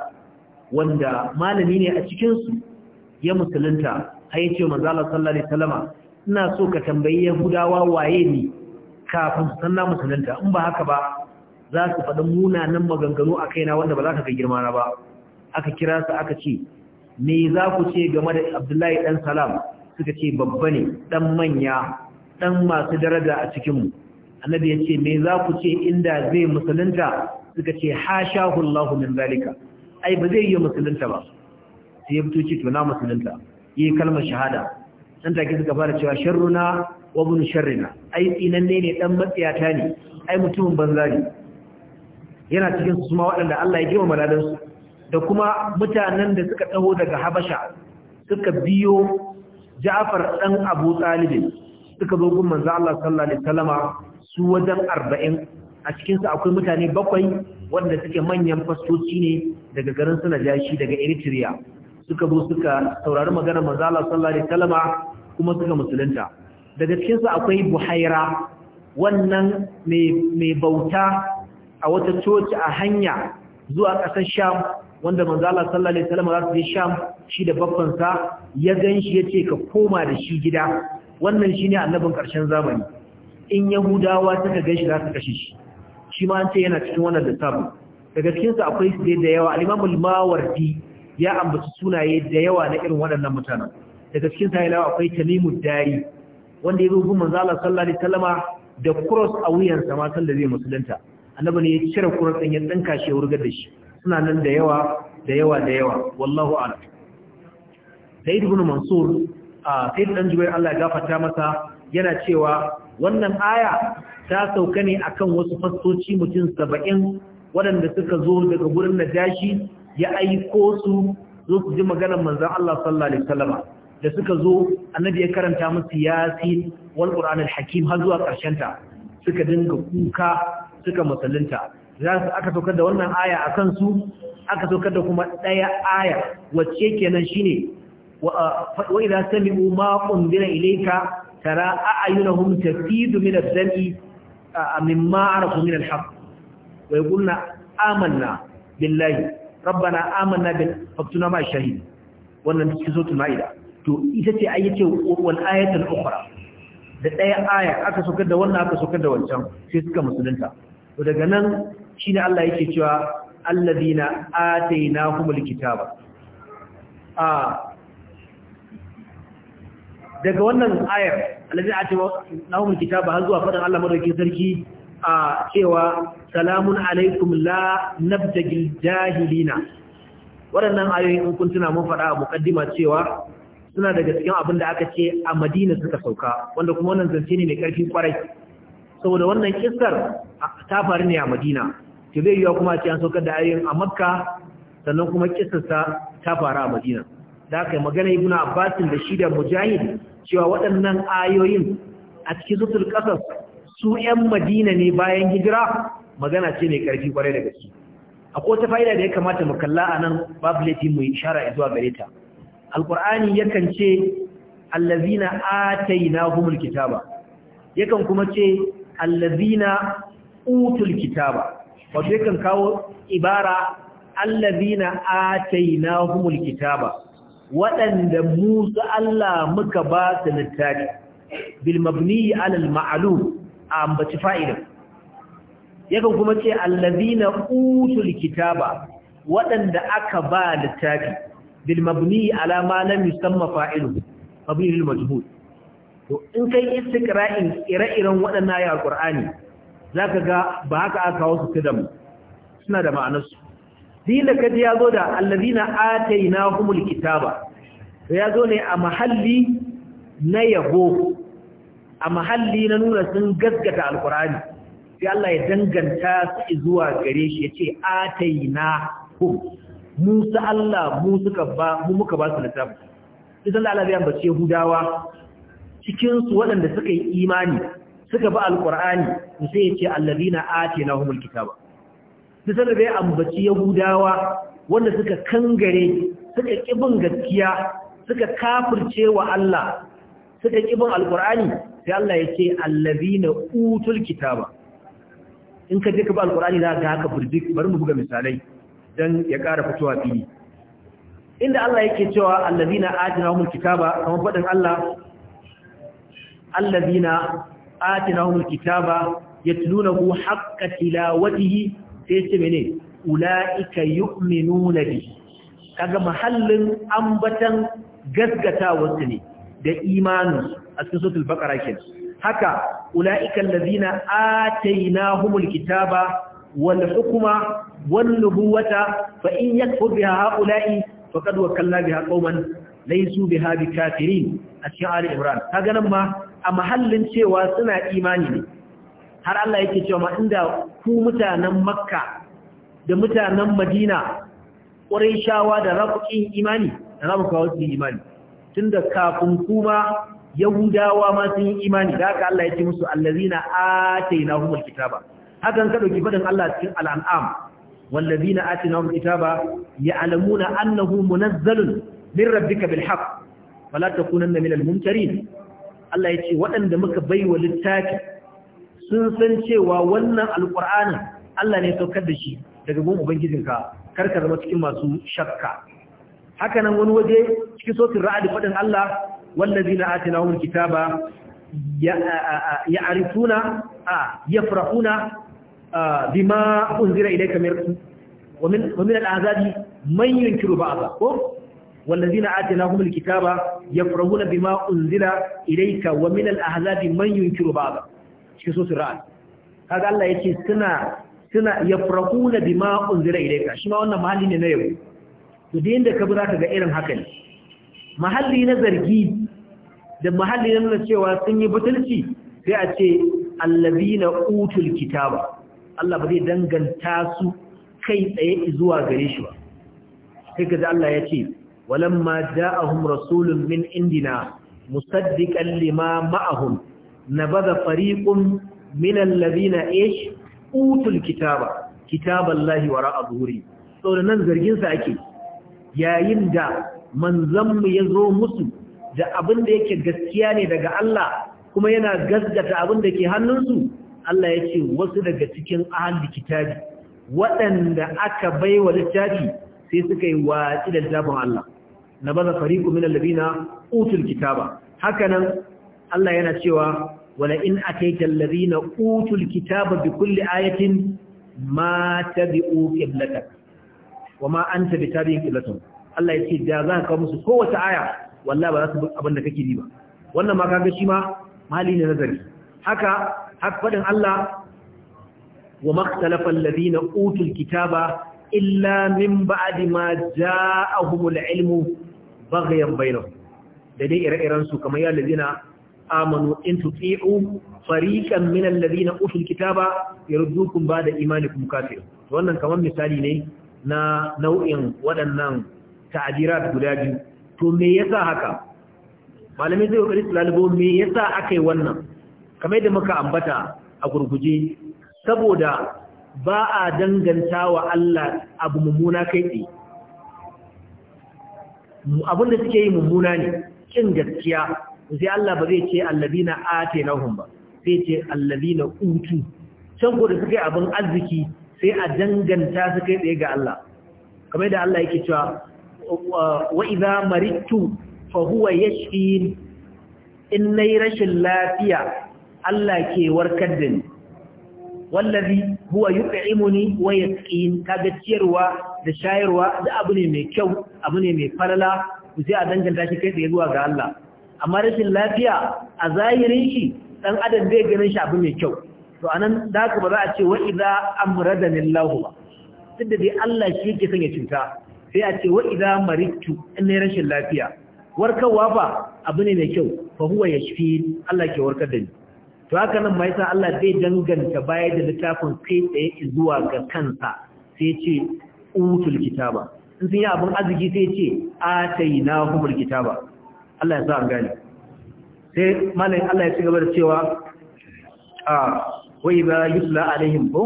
wanda malami ne a cikin su ya musulunta har ya ce Allah sallallahu alaihi ina so ka tambayi Yahudawa waye ni kafin su sanna musulunta in ba haka ba za su faɗi munanan maganganu a kaina wanda ba za ka ga girma na ba aka kira su aka ce me za ku ce game da abdullahi ɗan salam suka ce babba ne ɗan manya ɗan masu daraja a cikinmu annabi ya ce me za ku ce inda zai musulunta suka ce hasha hullahu min zalika ai ba zai yi musulunta ba sai ya fito ce to na musulunta yi kalmar shahada nan take suka fara cewa sharruna wa bin sharrina ai tsinanne ne dan matsiyata ne ai mutumin banza ne yana cikin su zuma waɗanda Allah ya girmama maladan da kuma mutanen da suka taho daga habasha suka biyo ja'far dan abu talibin suka zo gun manzo Allah sallallahu alaihi wasallama su wajen 40 a cikin su akwai mutane bakwai wanda suke manyan fastoci ne daga garin su jashi daga Eritrea suka zo suka saurari magana manzo Allah sallallahu alaihi kuma suka musulunta daga cikin su akwai Buhaira wannan mai bauta a wata coci a hanya zuwa ƙasar Sham wanda manzo Allah sallallahu alaihi wasallam za su Sham shi da babban sa ya ganshi yace ka koma da shi gida wannan shine annabin karshen zamani in yahudawa suka ganshi za su kashe shi shi ma an ce yana cikin wannan lissafi daga cikin sa akwai su da yawa al imamu al-Mawardi ya ambaci sunaye da yawa na irin waɗannan mutanen daga cikin sa yana akwai Tamimud Dari wanda ya rubu manzo Allah sallallahu alaihi wasallam da cross a wuyansa ma sallallahu da zai musulunta annabi ne ya cire cross din ya tsinka shi ya wurgar da shi suna nan da yawa da yawa da yawa wallahu a'lam sai ibn mansur a sai dan jubair Allah ya gafarta masa yana cewa wannan aya ta sauka ne akan wasu fastoci mutum 70 waɗanda suka zo daga gurin najashi ya aiko su zo su ji maganar manzon Allah sallallahu alaihi wasallam da suka zo annabi ya karanta musu yasin wal al hakim har zuwa ƙarshen ta suka dinga kuka suka musulunta za su aka saukar da wannan aya a kansu aka saukar da kuma ɗaya aya wacce kenan shine wa idza sami'u ma unzila ilaika, tara a'yunahum tafidu min ad-dam'i mimma arafu min al-haqq wa yaquluna amanna billahi rabbana amanna bil faktuna ma shahid wannan cikin suratul maida to ita ce a yi ayyace wal ayatul ukhra da ɗaya aya aka saukar da wannan aka saukar da wancan sai suka musulunta to daga nan shi ne Allah yake cewa alladina atainahumul kitaba a daga wannan ayar alladina atainahumul kitaba har zuwa fadan Allah madaukakin sarki a cewa salamun alaikum la nabdagil jahilina waɗannan ayoyin in kun tuna mun faɗa a mukaddima cewa suna daga cikin abin da aka ce a Madina suka sauka wanda kuma wannan zance ne mai ƙarfi kwarai saboda wannan kissar ta faru ne a madina ke zai yiwa kuma ce an saukar da ayoyin a makka sannan kuma kissarsa ta faru a madina da aka yi magana ibn abbasin da shi da mujahid cewa waɗannan ayoyin a cikin sutul ƙasar su 'yan madina ne bayan hijira magana ce mai ƙarfi kwarai da gaske akwai wata fa'ida da ya kamata mu kalla a nan babu laifi mu ishara zuwa gare ta alƙur'ani yakan ce allazina atainahumul kitaba yakan kuma ce allazina utul kitaba wato yakan kawo ibara allazina atainahumul kitaba waɗanda mu su Allah muka ba su littafi bil mabni ala al ma'lum ambaci fa'idan yakan kuma ce allazina utul kitaba waɗanda aka ba littafi bil mabni ala ma lam yusamma fa'iluhu mabni lil majhul to in kai istiqra'in ire-iren waɗannan ayar Qur'ani zaka ga ba haka aka kawo su tudam suna da ma'anar su din da kaji yazo da allazina atainahumul kitaba to yazo ne a mahalli na yabo a mahalli na nuna sun gaskata alqur'ani sai Allah ya danganta su zuwa gare shi yace atainahum Musa Allah mu suka ba mu muka ba su littafi sai Allah ambace Hudawa cikin su waɗanda suka yi imani suka bi alqur'ani to sai ya ce allazina atinahumul kitaba Su sanar da ambaci yahudawa wanda suka kangare suka kibin gaskiya suka kafirce wa Allah suka kibin alqur'ani sai Allah ya ce allazina utul kitaba in ka je ka bi alqur'ani za ka haka burdik bari mu buga misalai dan ya ƙara fitowa fili inda Allah yake cewa allazina atinahumul kitaba kamar faɗin Allah allazina atinahumul kitaba yatlunahu haqqa tilawatihi sai ce mene ulaika yu'minuna bi kaga mahallin ambatan gaskatawa su ne da imanin a cikin suratul baqara kenan haka ulaika allazina atainahumul kitaba wal hukma wan nubuwata fa in yakfur biha haula'i faqad wakalna biha qauman laysu biha bikafirin a cikin ali imran kaga nan ma a mahallin cewa suna imani ne har Allah yake cewa ma inda ku mutanen makka da mutanen madina shawa da rafuƙin imani da rafuƙawa su imani tun da kafin kuma yahudawa ma sun yi imani da haka Allah ya ce musu allazina atainahumul kitaba hakan ka dauki faɗin Allah cikin al'an'am wallazina atainahumul kitaba na annahu munazzalun min rabbika bil ta kunan na minal mumtarin Allah ya ce waɗanda muka baiwa littafi sun san cewa wannan alƙur'anin Allah ne saukar da shi daga gun ubangijinka kar ka zama cikin masu shakka haka nan wani waje cikin sokin ra'adi faɗin Allah wallazina atinahum kitaba ya'rifuna yafrahuna bima unzira ilayka min wa min al-azabi man yunkiru ba'dha ko والذين آتناهم الكتاب يفرحون بما أنزل إليك ومن الأحزاب من ينكر بعضا في سورة الرعد هذا الله يكي سنة سنة يفرحون بما أنزل إليك شما وانا محلين نيو ودين دا كبرات دا إيران حقل محلي نزرقي da mahalli na nuna cewa sun yi butulci sai a ce allabi na utul kitaba Allah ba zai danganta su kai tsaye zuwa gare shi ba sai ka Allah ya ce ولما جاءهم رسول من عندنا مصدقا لما معهم نبذ فريق من الذين ايش اوتوا الكتاب كتاب الله وراء ظهوري sauran zargin sa ake yayin da manzanmu ya yazo musu da abin da yake gaskiya ne daga Allah kuma yana gaskata abin da ke hannunsu Allah ya ce wasu daga cikin ahli kitabi waɗanda aka baiwa littafi sai suka yi watsi da littafin Allah na baza fariqu min alladhina utul kitaba hakanan Allah yana cewa wala in ataita alladhina utul kitaba bi kulli ayatin ma tabi'u qiblatak wama anta bitabi'in qiblatum Allah ya ce da za ka musu kowace aya wallahi ba za su bi abin da kake yi ba wannan ma kaga shi ma mali ne nazari haka haka fadin Allah wa makhtalafa alladhina utul kitaba illa min ba'di ma ja'ahumul ilmu baghyan bainahum da dai ire-iren su kamar ya lazina amanu in tuti'u fariqan min alladhina utul kitaba yaruddukum ba'da imanikum kafir wannan kamar misali ne na nau'in waɗannan ta'adirat guda biyu to me yasa haka malamai zai kokari lalabo me yasa akai wannan kamar da muka ambata a gurguje saboda ba a danganta wa Allah abu mummuna kai ɗi. abin suke yi mummuna ne cin gaskiya sai Allah ba zai ce ake nahun ba sai ce na utu can ko da suke abin arziki sai a danganta su kai tsaye ga Allah Kamai da Allah yake cewa wa idza maritu Fahuwa huwa yashfin in nayi rashin lafiya Allah ke warkar da ni wallazi huwa yut'imuni wa yasqin kaga ciyarwa da shayarwa da abu ne mai kyau abu ne mai falala sai a danganta shi kai tsaye zuwa ga Allah amma rashin lafiya a zahirin shi dan adam bai ganin shi abu mai kyau to anan da haka ba za a ce wa idza amradani Allah ba duk dai Allah shi yake sanya cuta sai a ce wa idza maritu in ne rashin lafiya warkarwa fa abu ne mai kyau fa huwa yashfi Allah ke warkar da ni to haka nan ma yasa Allah zai danganta baya da littafin kai tsaye zuwa ga kansa sai ce utul kitaba in sun yi abin arziki sai ce a ta yi na hukumar kitaba Allah ya sa an gani sai malamin Allah ya ci gaba da cewa a wa idza yusla alaihim bu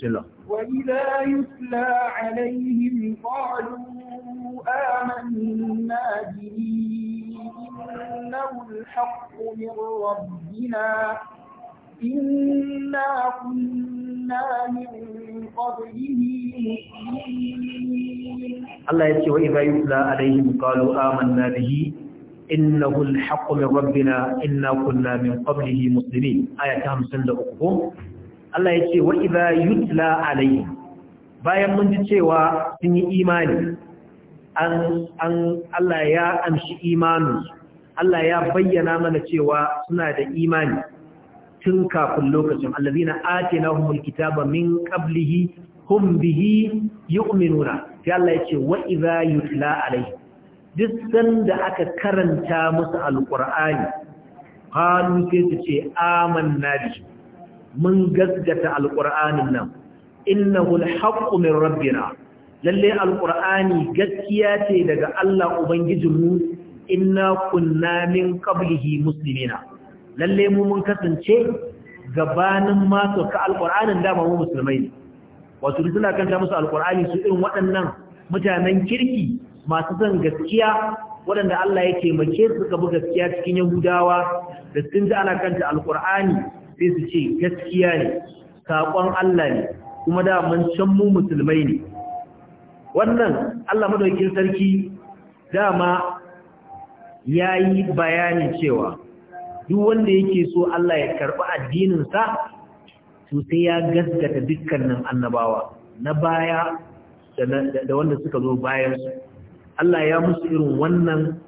sallallahu وإذا يتلى عليهم قالوا آمنا به له الحق من ربنا إنا كنا من قبله مسلمين الله يتي وإذا يتلى عليهم قالوا آمنا به إنه الحق من ربنا إنا كنا من قبله مسلمين آية 53 Allah ya ce wa idha yutla alayhi bayan mun ji cewa sun yi imani an an Allah ya amshi imaninsu Allah ya bayyana mana cewa suna da imani tun kafin lokacin allazina atinahumul kitaba min ƙablihi hum bihi na. sai Allah yace wa idza yutla alayhi duk sanda aka karanta musu Alƙur'ani, qalu sai su ce amanna bihi mun gaskata Alƙur'anin nan innahu alhaqqu rabbina lalle Alƙur'ani gaskiya ce daga Allah ubangijinmu inna kunna min qablihi muslimina lalle mu mun kasance gabanin ma to ka alqur'anin da mu musulmai ne wato suna kanta musu alqur'ani su irin waɗannan mutanen kirki masu son gaskiya waɗanda Allah ya taimake su ga gaskiya cikin yahudawa da sun ji ana kanta alqur'ani sai su ce gaskiya ne saƙon Allah ne kuma da mun can mu musulmai ne wannan Allah madaukakin sarki dama ya yi bayani cewa duk wanda yake so Allah ya karɓi addininsa to sai ya gaskata dukkanin annabawa na baya da wanda suka zo bayansu Allah ya musu irin wannan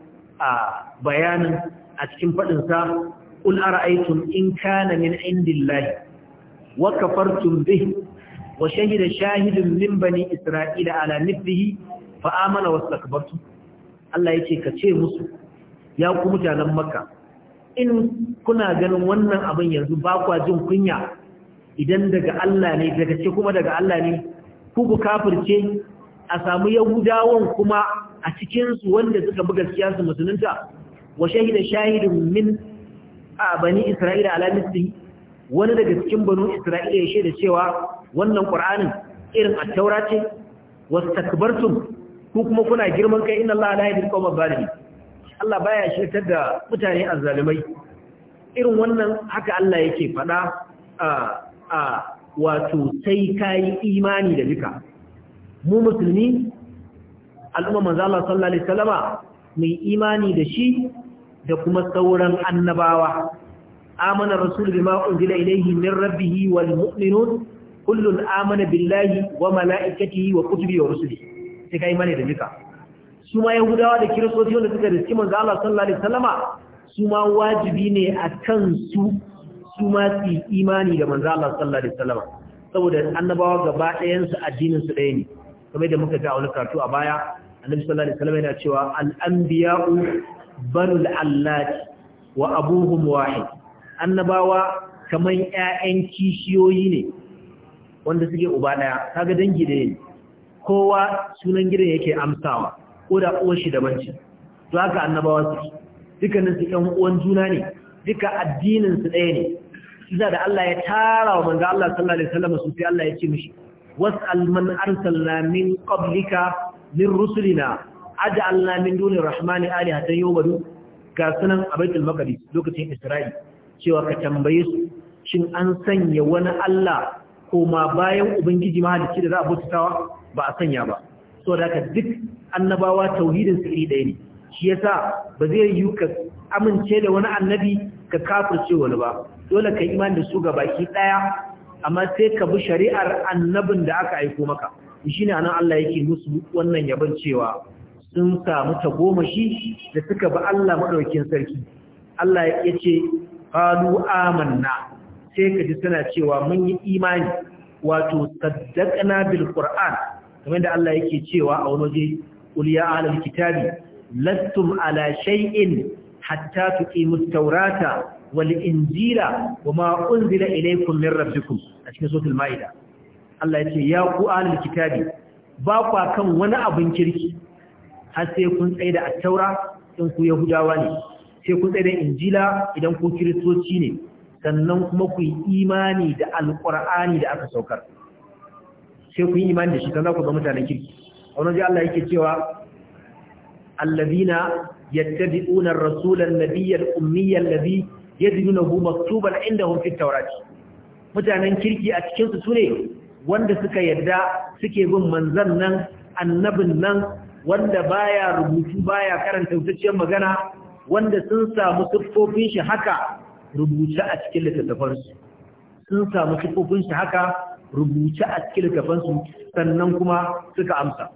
bayanin a cikin faɗinsa ƙul ara'aytum in kana min indillahi wa kafartum bih wa shahida shahidun min bani isra'ila ala mithlihi fa amana wastakbartum Allah yake ka ce musu ya ku mutanen makka in kuna ganin wannan abin yanzu ba kwa jin kunya idan daga Allah ne daga ce kuma daga Allah ne ku ku kafirce a samu yahudawan kuma a cikinsu wanda suka buga gaskiya su musulunta wa shahida shahidun min a bani isra'ila ala misli wani daga cikin banu isra'ila ya shaida cewa wannan qur'anin irin at-taura ce wastakbartum ku kuma kuna girman kai inna allaha la yahdi al-qawma adh Allah baya shirkar da mutane azzalumai irin wannan haka Allah yake faɗa a a wato sai kai imani da duka mu musulmi al'umma manzo Allah sallallahu alaihi wasallama mai imani da shi da kuma sauran annabawa amana rasul bima unzila ilayhi min rabbih wal mu'minun kullun amana billahi wa malaikatihi wa kutubihi wa rusulihi sai kai imani da duka su ma yahudawa da kiristoci wanda suka riski manzo Allah sallallahu alaihi wasallama su ma wajibi ne a kansu su ma su imani da manzo Allah sallallahu alaihi wasallama saboda annabawa gaba ɗayan su addinin su ɗaya ne kamar da muka ga wani karatu a baya annabi sallallahu alaihi wasallama yana cewa al-anbiya'u banul Allah wa abuhum wahid annabawa kamar ƴaƴan kishiyoyi ne wanda suke uba ɗaya kaga dangi da ne kowa sunan gidan yake amsawa ko da uwar shi daban ce to haka annabawa su dukkanin su uwan juna ne duka addinin su ɗaya ne kiza da Allah ya tara wa manzo Allah sallallahu alaihi wasallam su sai Allah ya ce mishi was'al man arsalna min qablika min rusulina aj'alna min duni rahmani alihatan yubadu ga sunan a baitul maqdis lokacin Isra'i cewa ka tambaye su shin an sanya wani Allah ko ma bayan ubangiji mahalicci da za a bautawa ba a sanya ba so da ka duk annabawa tauhidin su iri ɗaya ne shi yasa ba zai yi ka amince da wani annabi ka kafirce wani ba dole ka imani da su ga baki ɗaya amma sai ka bi shari'ar annabin da aka aiko maka shi ne anan Allah yake musu wannan yabon cewa sun samu ta goma shi da suka bi Allah maɗaukin sarki Allah ya ce qalu amanna sai ka ji suna cewa mun yi imani wato saddaqna bil qur'an kamar da Allah yake cewa a wani waje qul ya kitabi lastum ala shay'in hatta tuqimus tawrata wal injila wama unzila ilaykum min rabbikum a cikin suratul maida Allah yace ya ku ahlal kitabi ba kwa kan wani abin kirki har sai kun tsaye da taura in ku yahudawa ne sai kun tsaye da injila idan ku kiristoci ne sannan kuma ku yi imani da alqur'ani da aka saukar sai ku yi imani da shi sannan ku zama mutanen kirki Wani wani Allah yake cewa allazina yattabi'una ar-rasulan nabiyyal ummiyyal ladhi yajidunahu maktuban indahum fi tawrat mutanen kirki a cikinsu su sune wanda suka yadda suke bin manzan nan annabin nan wanda baya rubutu baya karanta wutacciyar magana wanda sun samu siffofin shi haka rubuce a cikin littattafansu sun samu siffofin shi haka rubuce a cikin littafansu sannan kuma suka amsa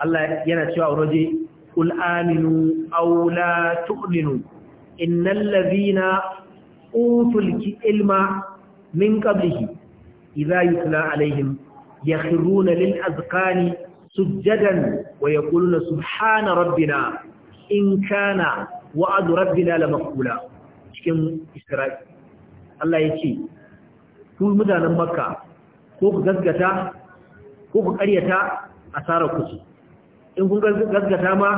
Allah yana cewa waje qul aminu aw la tu'minu innal ladhina ilma min qablihi idha yutla alaihim yakhruna lil azkani sujjadan wa yaquluna subhana rabbina in kana wa'adu rabbina la makula cikin isra'i Allah ya ce ku mutanen makka ko ku gaggata ko ku karyata asarar ku in kun gaggata ma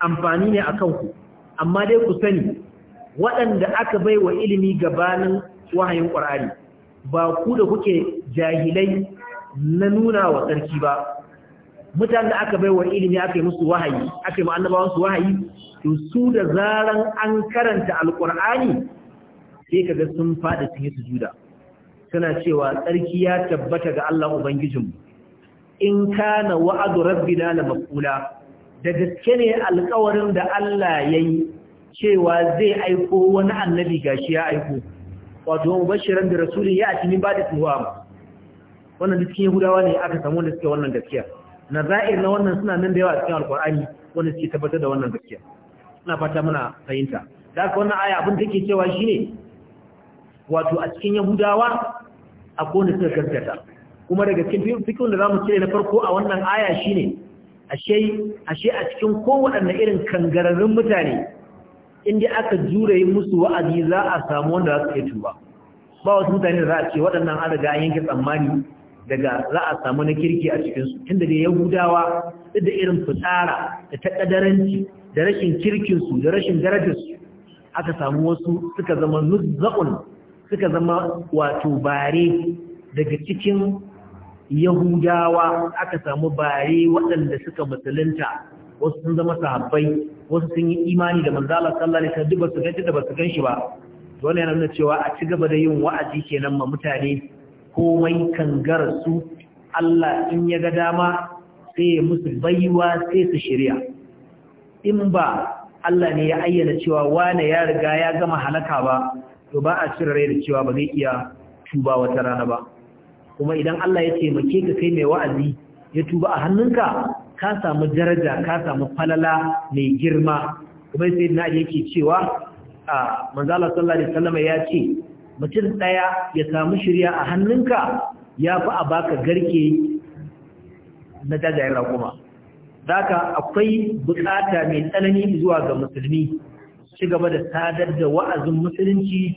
amfani ne a kanku amma dai ku sani waɗanda aka bai wa ilimi gabanin wahayin ƙwarari ba ku da kuke jahilai na nuna wa tsarki ba Mutanen da aka bai wa ilimi aka yi musu wahayi aka yi ma'annabawansu wahayi to su da zaran an karanta alƙwarari sai ka ga sun faɗi su sujuda suna cewa tsarki ya tabbata ga Allah ubangijinmu in kana wa'adu rabbina la maqula da gaske ne alƙawarin da Allah ya yi cewa zai aiko wani annabi gashi ya aiko wato mubashiran da rasulun ya atimi ba da tuwa wannan dukkan gudawa ne aka samu da suke wannan gaskiya na za'ir na wannan suna nan da yawa a cikin alƙur'ani wanda suke tabbatar da wannan gaskiya ina fata muna fahimta da haka wannan aya abin take cewa shine wato a cikin yahudawa a kone suka gaskata kuma daga cikin fikin da zamu cire na farko a wannan aya shine ashe ashe a cikin kowaɗanne irin kangararrun mutane inda aka jure musu wa'azi za a samu wanda za su yi tuba ba wasu mutane da za a ce waɗannan an riga an yanke tsammani daga za a samu na kirki a cikinsu tunda da yahudawa da irin fitsara da taƙadaranci da rashin kirkin su da rashin darajar su aka samu wasu suka zama nuzzaƙun suka zama wato bare daga cikin yahudawa aka samu bare waɗanda suka musulunta wasu sun zama sahabbai wasu sun yi imani da manzala sallallahu alaihi wasallam ba su ganci da ba su ganshi ba wannan yana nuna cewa a ci gaba da yin wa'azi kenan ma mutane komai kan garasu Allah in ya ga dama sai ya musu baiwa sai su shirya in ba Allah ne ya ayyana cewa wane ya riga ya gama halaka ba to ba a cire rai da cewa ba zai iya tuba wata rana ba kuma idan Allah ya taimake ka kai mai wa'azi ya tuba a hannunka ka samu daraja ka samu falala mai girma kuma sai na yake cewa a manzala sallallahu alaihi wasallam ya ce mutum daya ya samu shirya a hannunka ya fi a baka garke na jajayen rakuma zaka akwai bukata mai tsanani zuwa ga musulmi ci gaba da sadar da wa'azin musulunci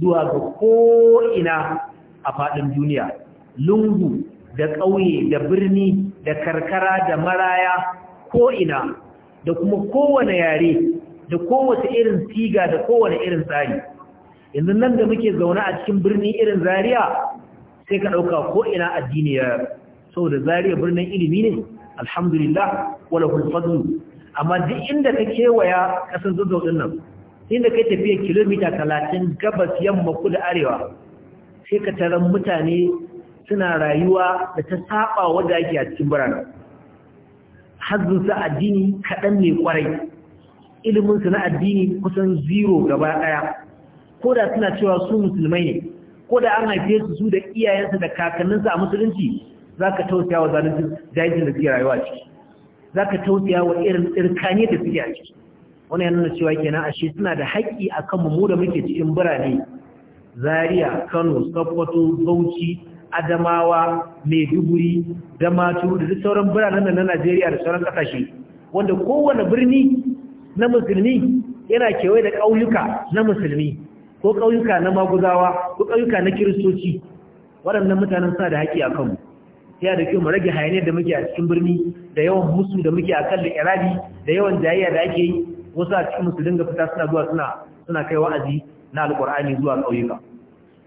zuwa ga ko'ina a faɗin duniya lungu da ƙauye da birni da karkara da maraya ko'ina da kuma kowane yare da kowace irin siga da kowane irin tsari yanzu nan da muke zaune a cikin birni irin zaria sai ka ɗauka ko'ina addini ya da zaria birnin ilimi ne alhamdulillah wala hulfadlu amma duk inda ka kewaya ƙasar zazzau din nan inda kai tafiya kilomita talatin gabas yamma kudu arewa sai ka taron mutane suna rayuwa da ta saba wadda ake a cikin birane hazzinsu addini kaɗan ne kwarai iliminsu na addini kusan zero gaba ɗaya ko da suna cewa su musulmai ne ko da an haife su su da iyayensu da kakanninsu a musulunci za ka tausaya wa zalunci jahilcin da suke rayuwa ciki za ka tausaya wa irin tsirkani da suke a ciki wani yana cewa kenan ashe suna da haƙƙi a kanmu mu da muke cikin birane zariya kano sokoto bauchi adamawa maiduguri damatu da duk sauran biranen na najeriya da sauran ƙasashe wanda kowane birni na musulmi yana kewaye da ƙauyuka na musulmi ko ƙauyuka na maguzawa ko ƙauyuka na kiristoci waɗannan mutanen suna da haƙƙi a kanmu ya da kyau mu rage hayaniyar da muke a cikin birni da yawan musu da muke a kan iradi, da yawan jayayya da ake yi wasu a cikin musu dinga fita suna zuwa suna suna kai wa'azi na alƙur'ani zuwa ƙauyuka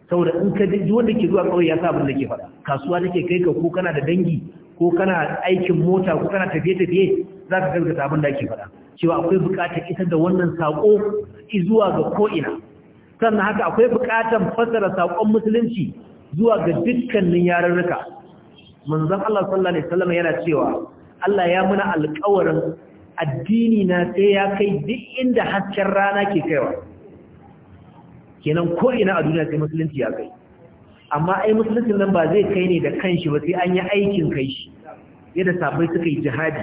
saboda in ka ji wanda ke zuwa ƙauye ya sa abin da ke faɗa kasuwa take kai ka ko kana da dangi ko kana aikin mota ko kana tafiye-tafiye za ka gaskata abin da ke faɗa cewa akwai buƙatar isar da wannan saƙo zuwa ga ko'ina sannan haka akwai buƙatar fassara saƙon musulunci zuwa ga dukkanin yarurruka manzon Allah sallallahu alaihi wasallam yana cewa Allah ya muna alƙawarin addini na sai ya kai duk inda hasken rana ke kaiwa kenan ko ina a duniya sai musulunci ya kai amma ai musuluncin nan ba zai kai ne da kanshi ba sai an yi aikin kai shi yadda sabai suka yi jihadi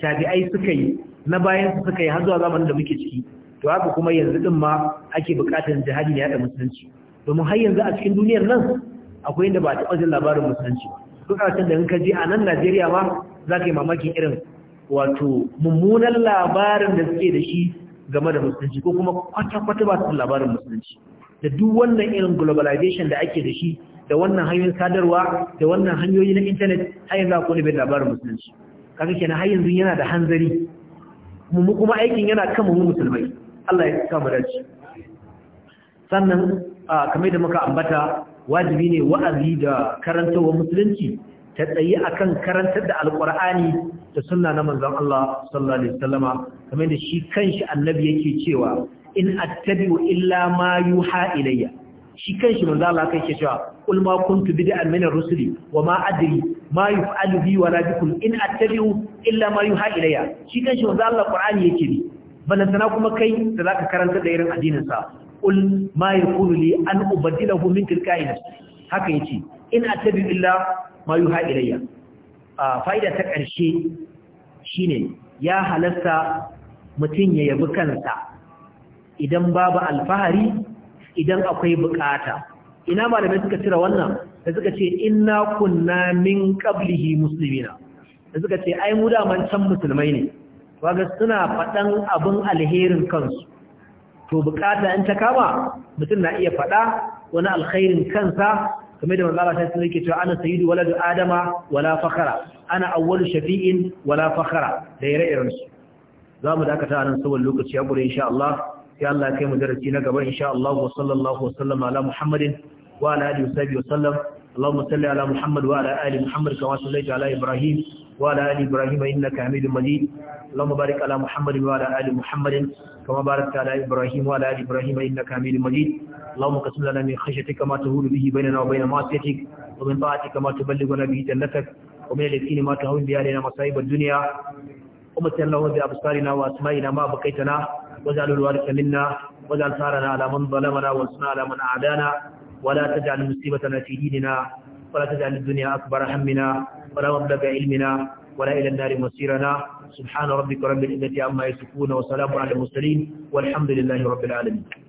tabi'ai suka yi na bayan su suka yi har zuwa zamanin da muke ciki to haka kuma yanzu din ma ake buƙatar jihadi ne da musulunci domin har yanzu a cikin duniyar nan akwai inda ba a taɓa jin labarin musulunci ba kasashen da ka je a nan Najeriya ba, za ka yi mamakin irin wato mummunan labarin da suke da shi game da musulunci ko kuma kwata-kwata ba su labarin musulunci da duk wannan irin globalization da ake da shi da wannan hanyoyin sadarwa da wannan hanyoyi na intanet har yanzu akwai bai labarin musulunci kaga kenan har yanzu yana da hanzari mu kuma aikin yana kan mu musulmai Allah ya kama dace sannan kamar da muka ambata wajibi ne wa'azi da karantarwa musulunci ta tsayi akan karantar da alkur'ani da sunna na manzon Allah sallallahu alaihi wasallama kamar da shi kanshi annabi yake cewa in attabi'u illa ma yuha ilayya shi kanshi manzo Allah kai ke cewa kul ma kuntu bid'an min ar-rusuli wa ma adri ma yuf'alu bi wala bikum in attabi'u illa ma yuha ilayya shi kanshi manzo Allah Qur'ani yake bi balantana kuma kai da zaka karanta da irin addinin sa qul ma yakunu li an ubaddilahu min tilka'i haka yace in atabi illa ma yuha ilayya fa'ida ta ƙarshe shine ya halasta mutum ya yabi kansa idan babu alfahari idan akwai bukata ina malamai suka cira wannan da suka ce inna kunna min qablihi muslimina da suka ce ai mu da musulmai ne waga suna faɗan abin alherin kansu to bukata in ta kama mutum na iya faɗa wani alkhairin kansa kamar da manzala ta sun yake cewa ana sayyidu waladu adama wala fakhara ana awwalu shafi'in wala fakhara da ire iren su za mu dakata nan saboda lokaci ya gure insha Allah sai Allah ya kai mu darasi na gaba insha Allah wa sallallahu wa sallama ala Muhammadin wa ala alihi wa sahbihi wa sallam Allahumma salli ala Muhammad wa ala ali Muhammad kama sallaita ala Ibrahim وعلى آل إبراهيم إنك حميد مجيد اللهم بارك على محمد وعلى آل محمد كما باركت على إبراهيم وعلى آل إبراهيم إنك حميد مجيد اللهم قسم لنا من خشيتك ما تهول به بيننا وبين معصيتك ومن طاعتك ما تبلغنا به جنتك ومن اليقين ما تهون به علينا مصائب الدنيا ومتنا اللهم بأبصارنا وأسمائنا ما بقيتنا واجعل الوارث منا واجعل ثارنا على من ظلمنا وانصرنا على من أعدانا ولا تجعل مصيبتنا في ديننا ولا تجعل الدنيا أكبر همنا ولا مبلغ علمنا ولا إلى النار مصيرنا سبحان ربك رب العزة عما يصفون وسلام على المرسلين والحمد لله رب العالمين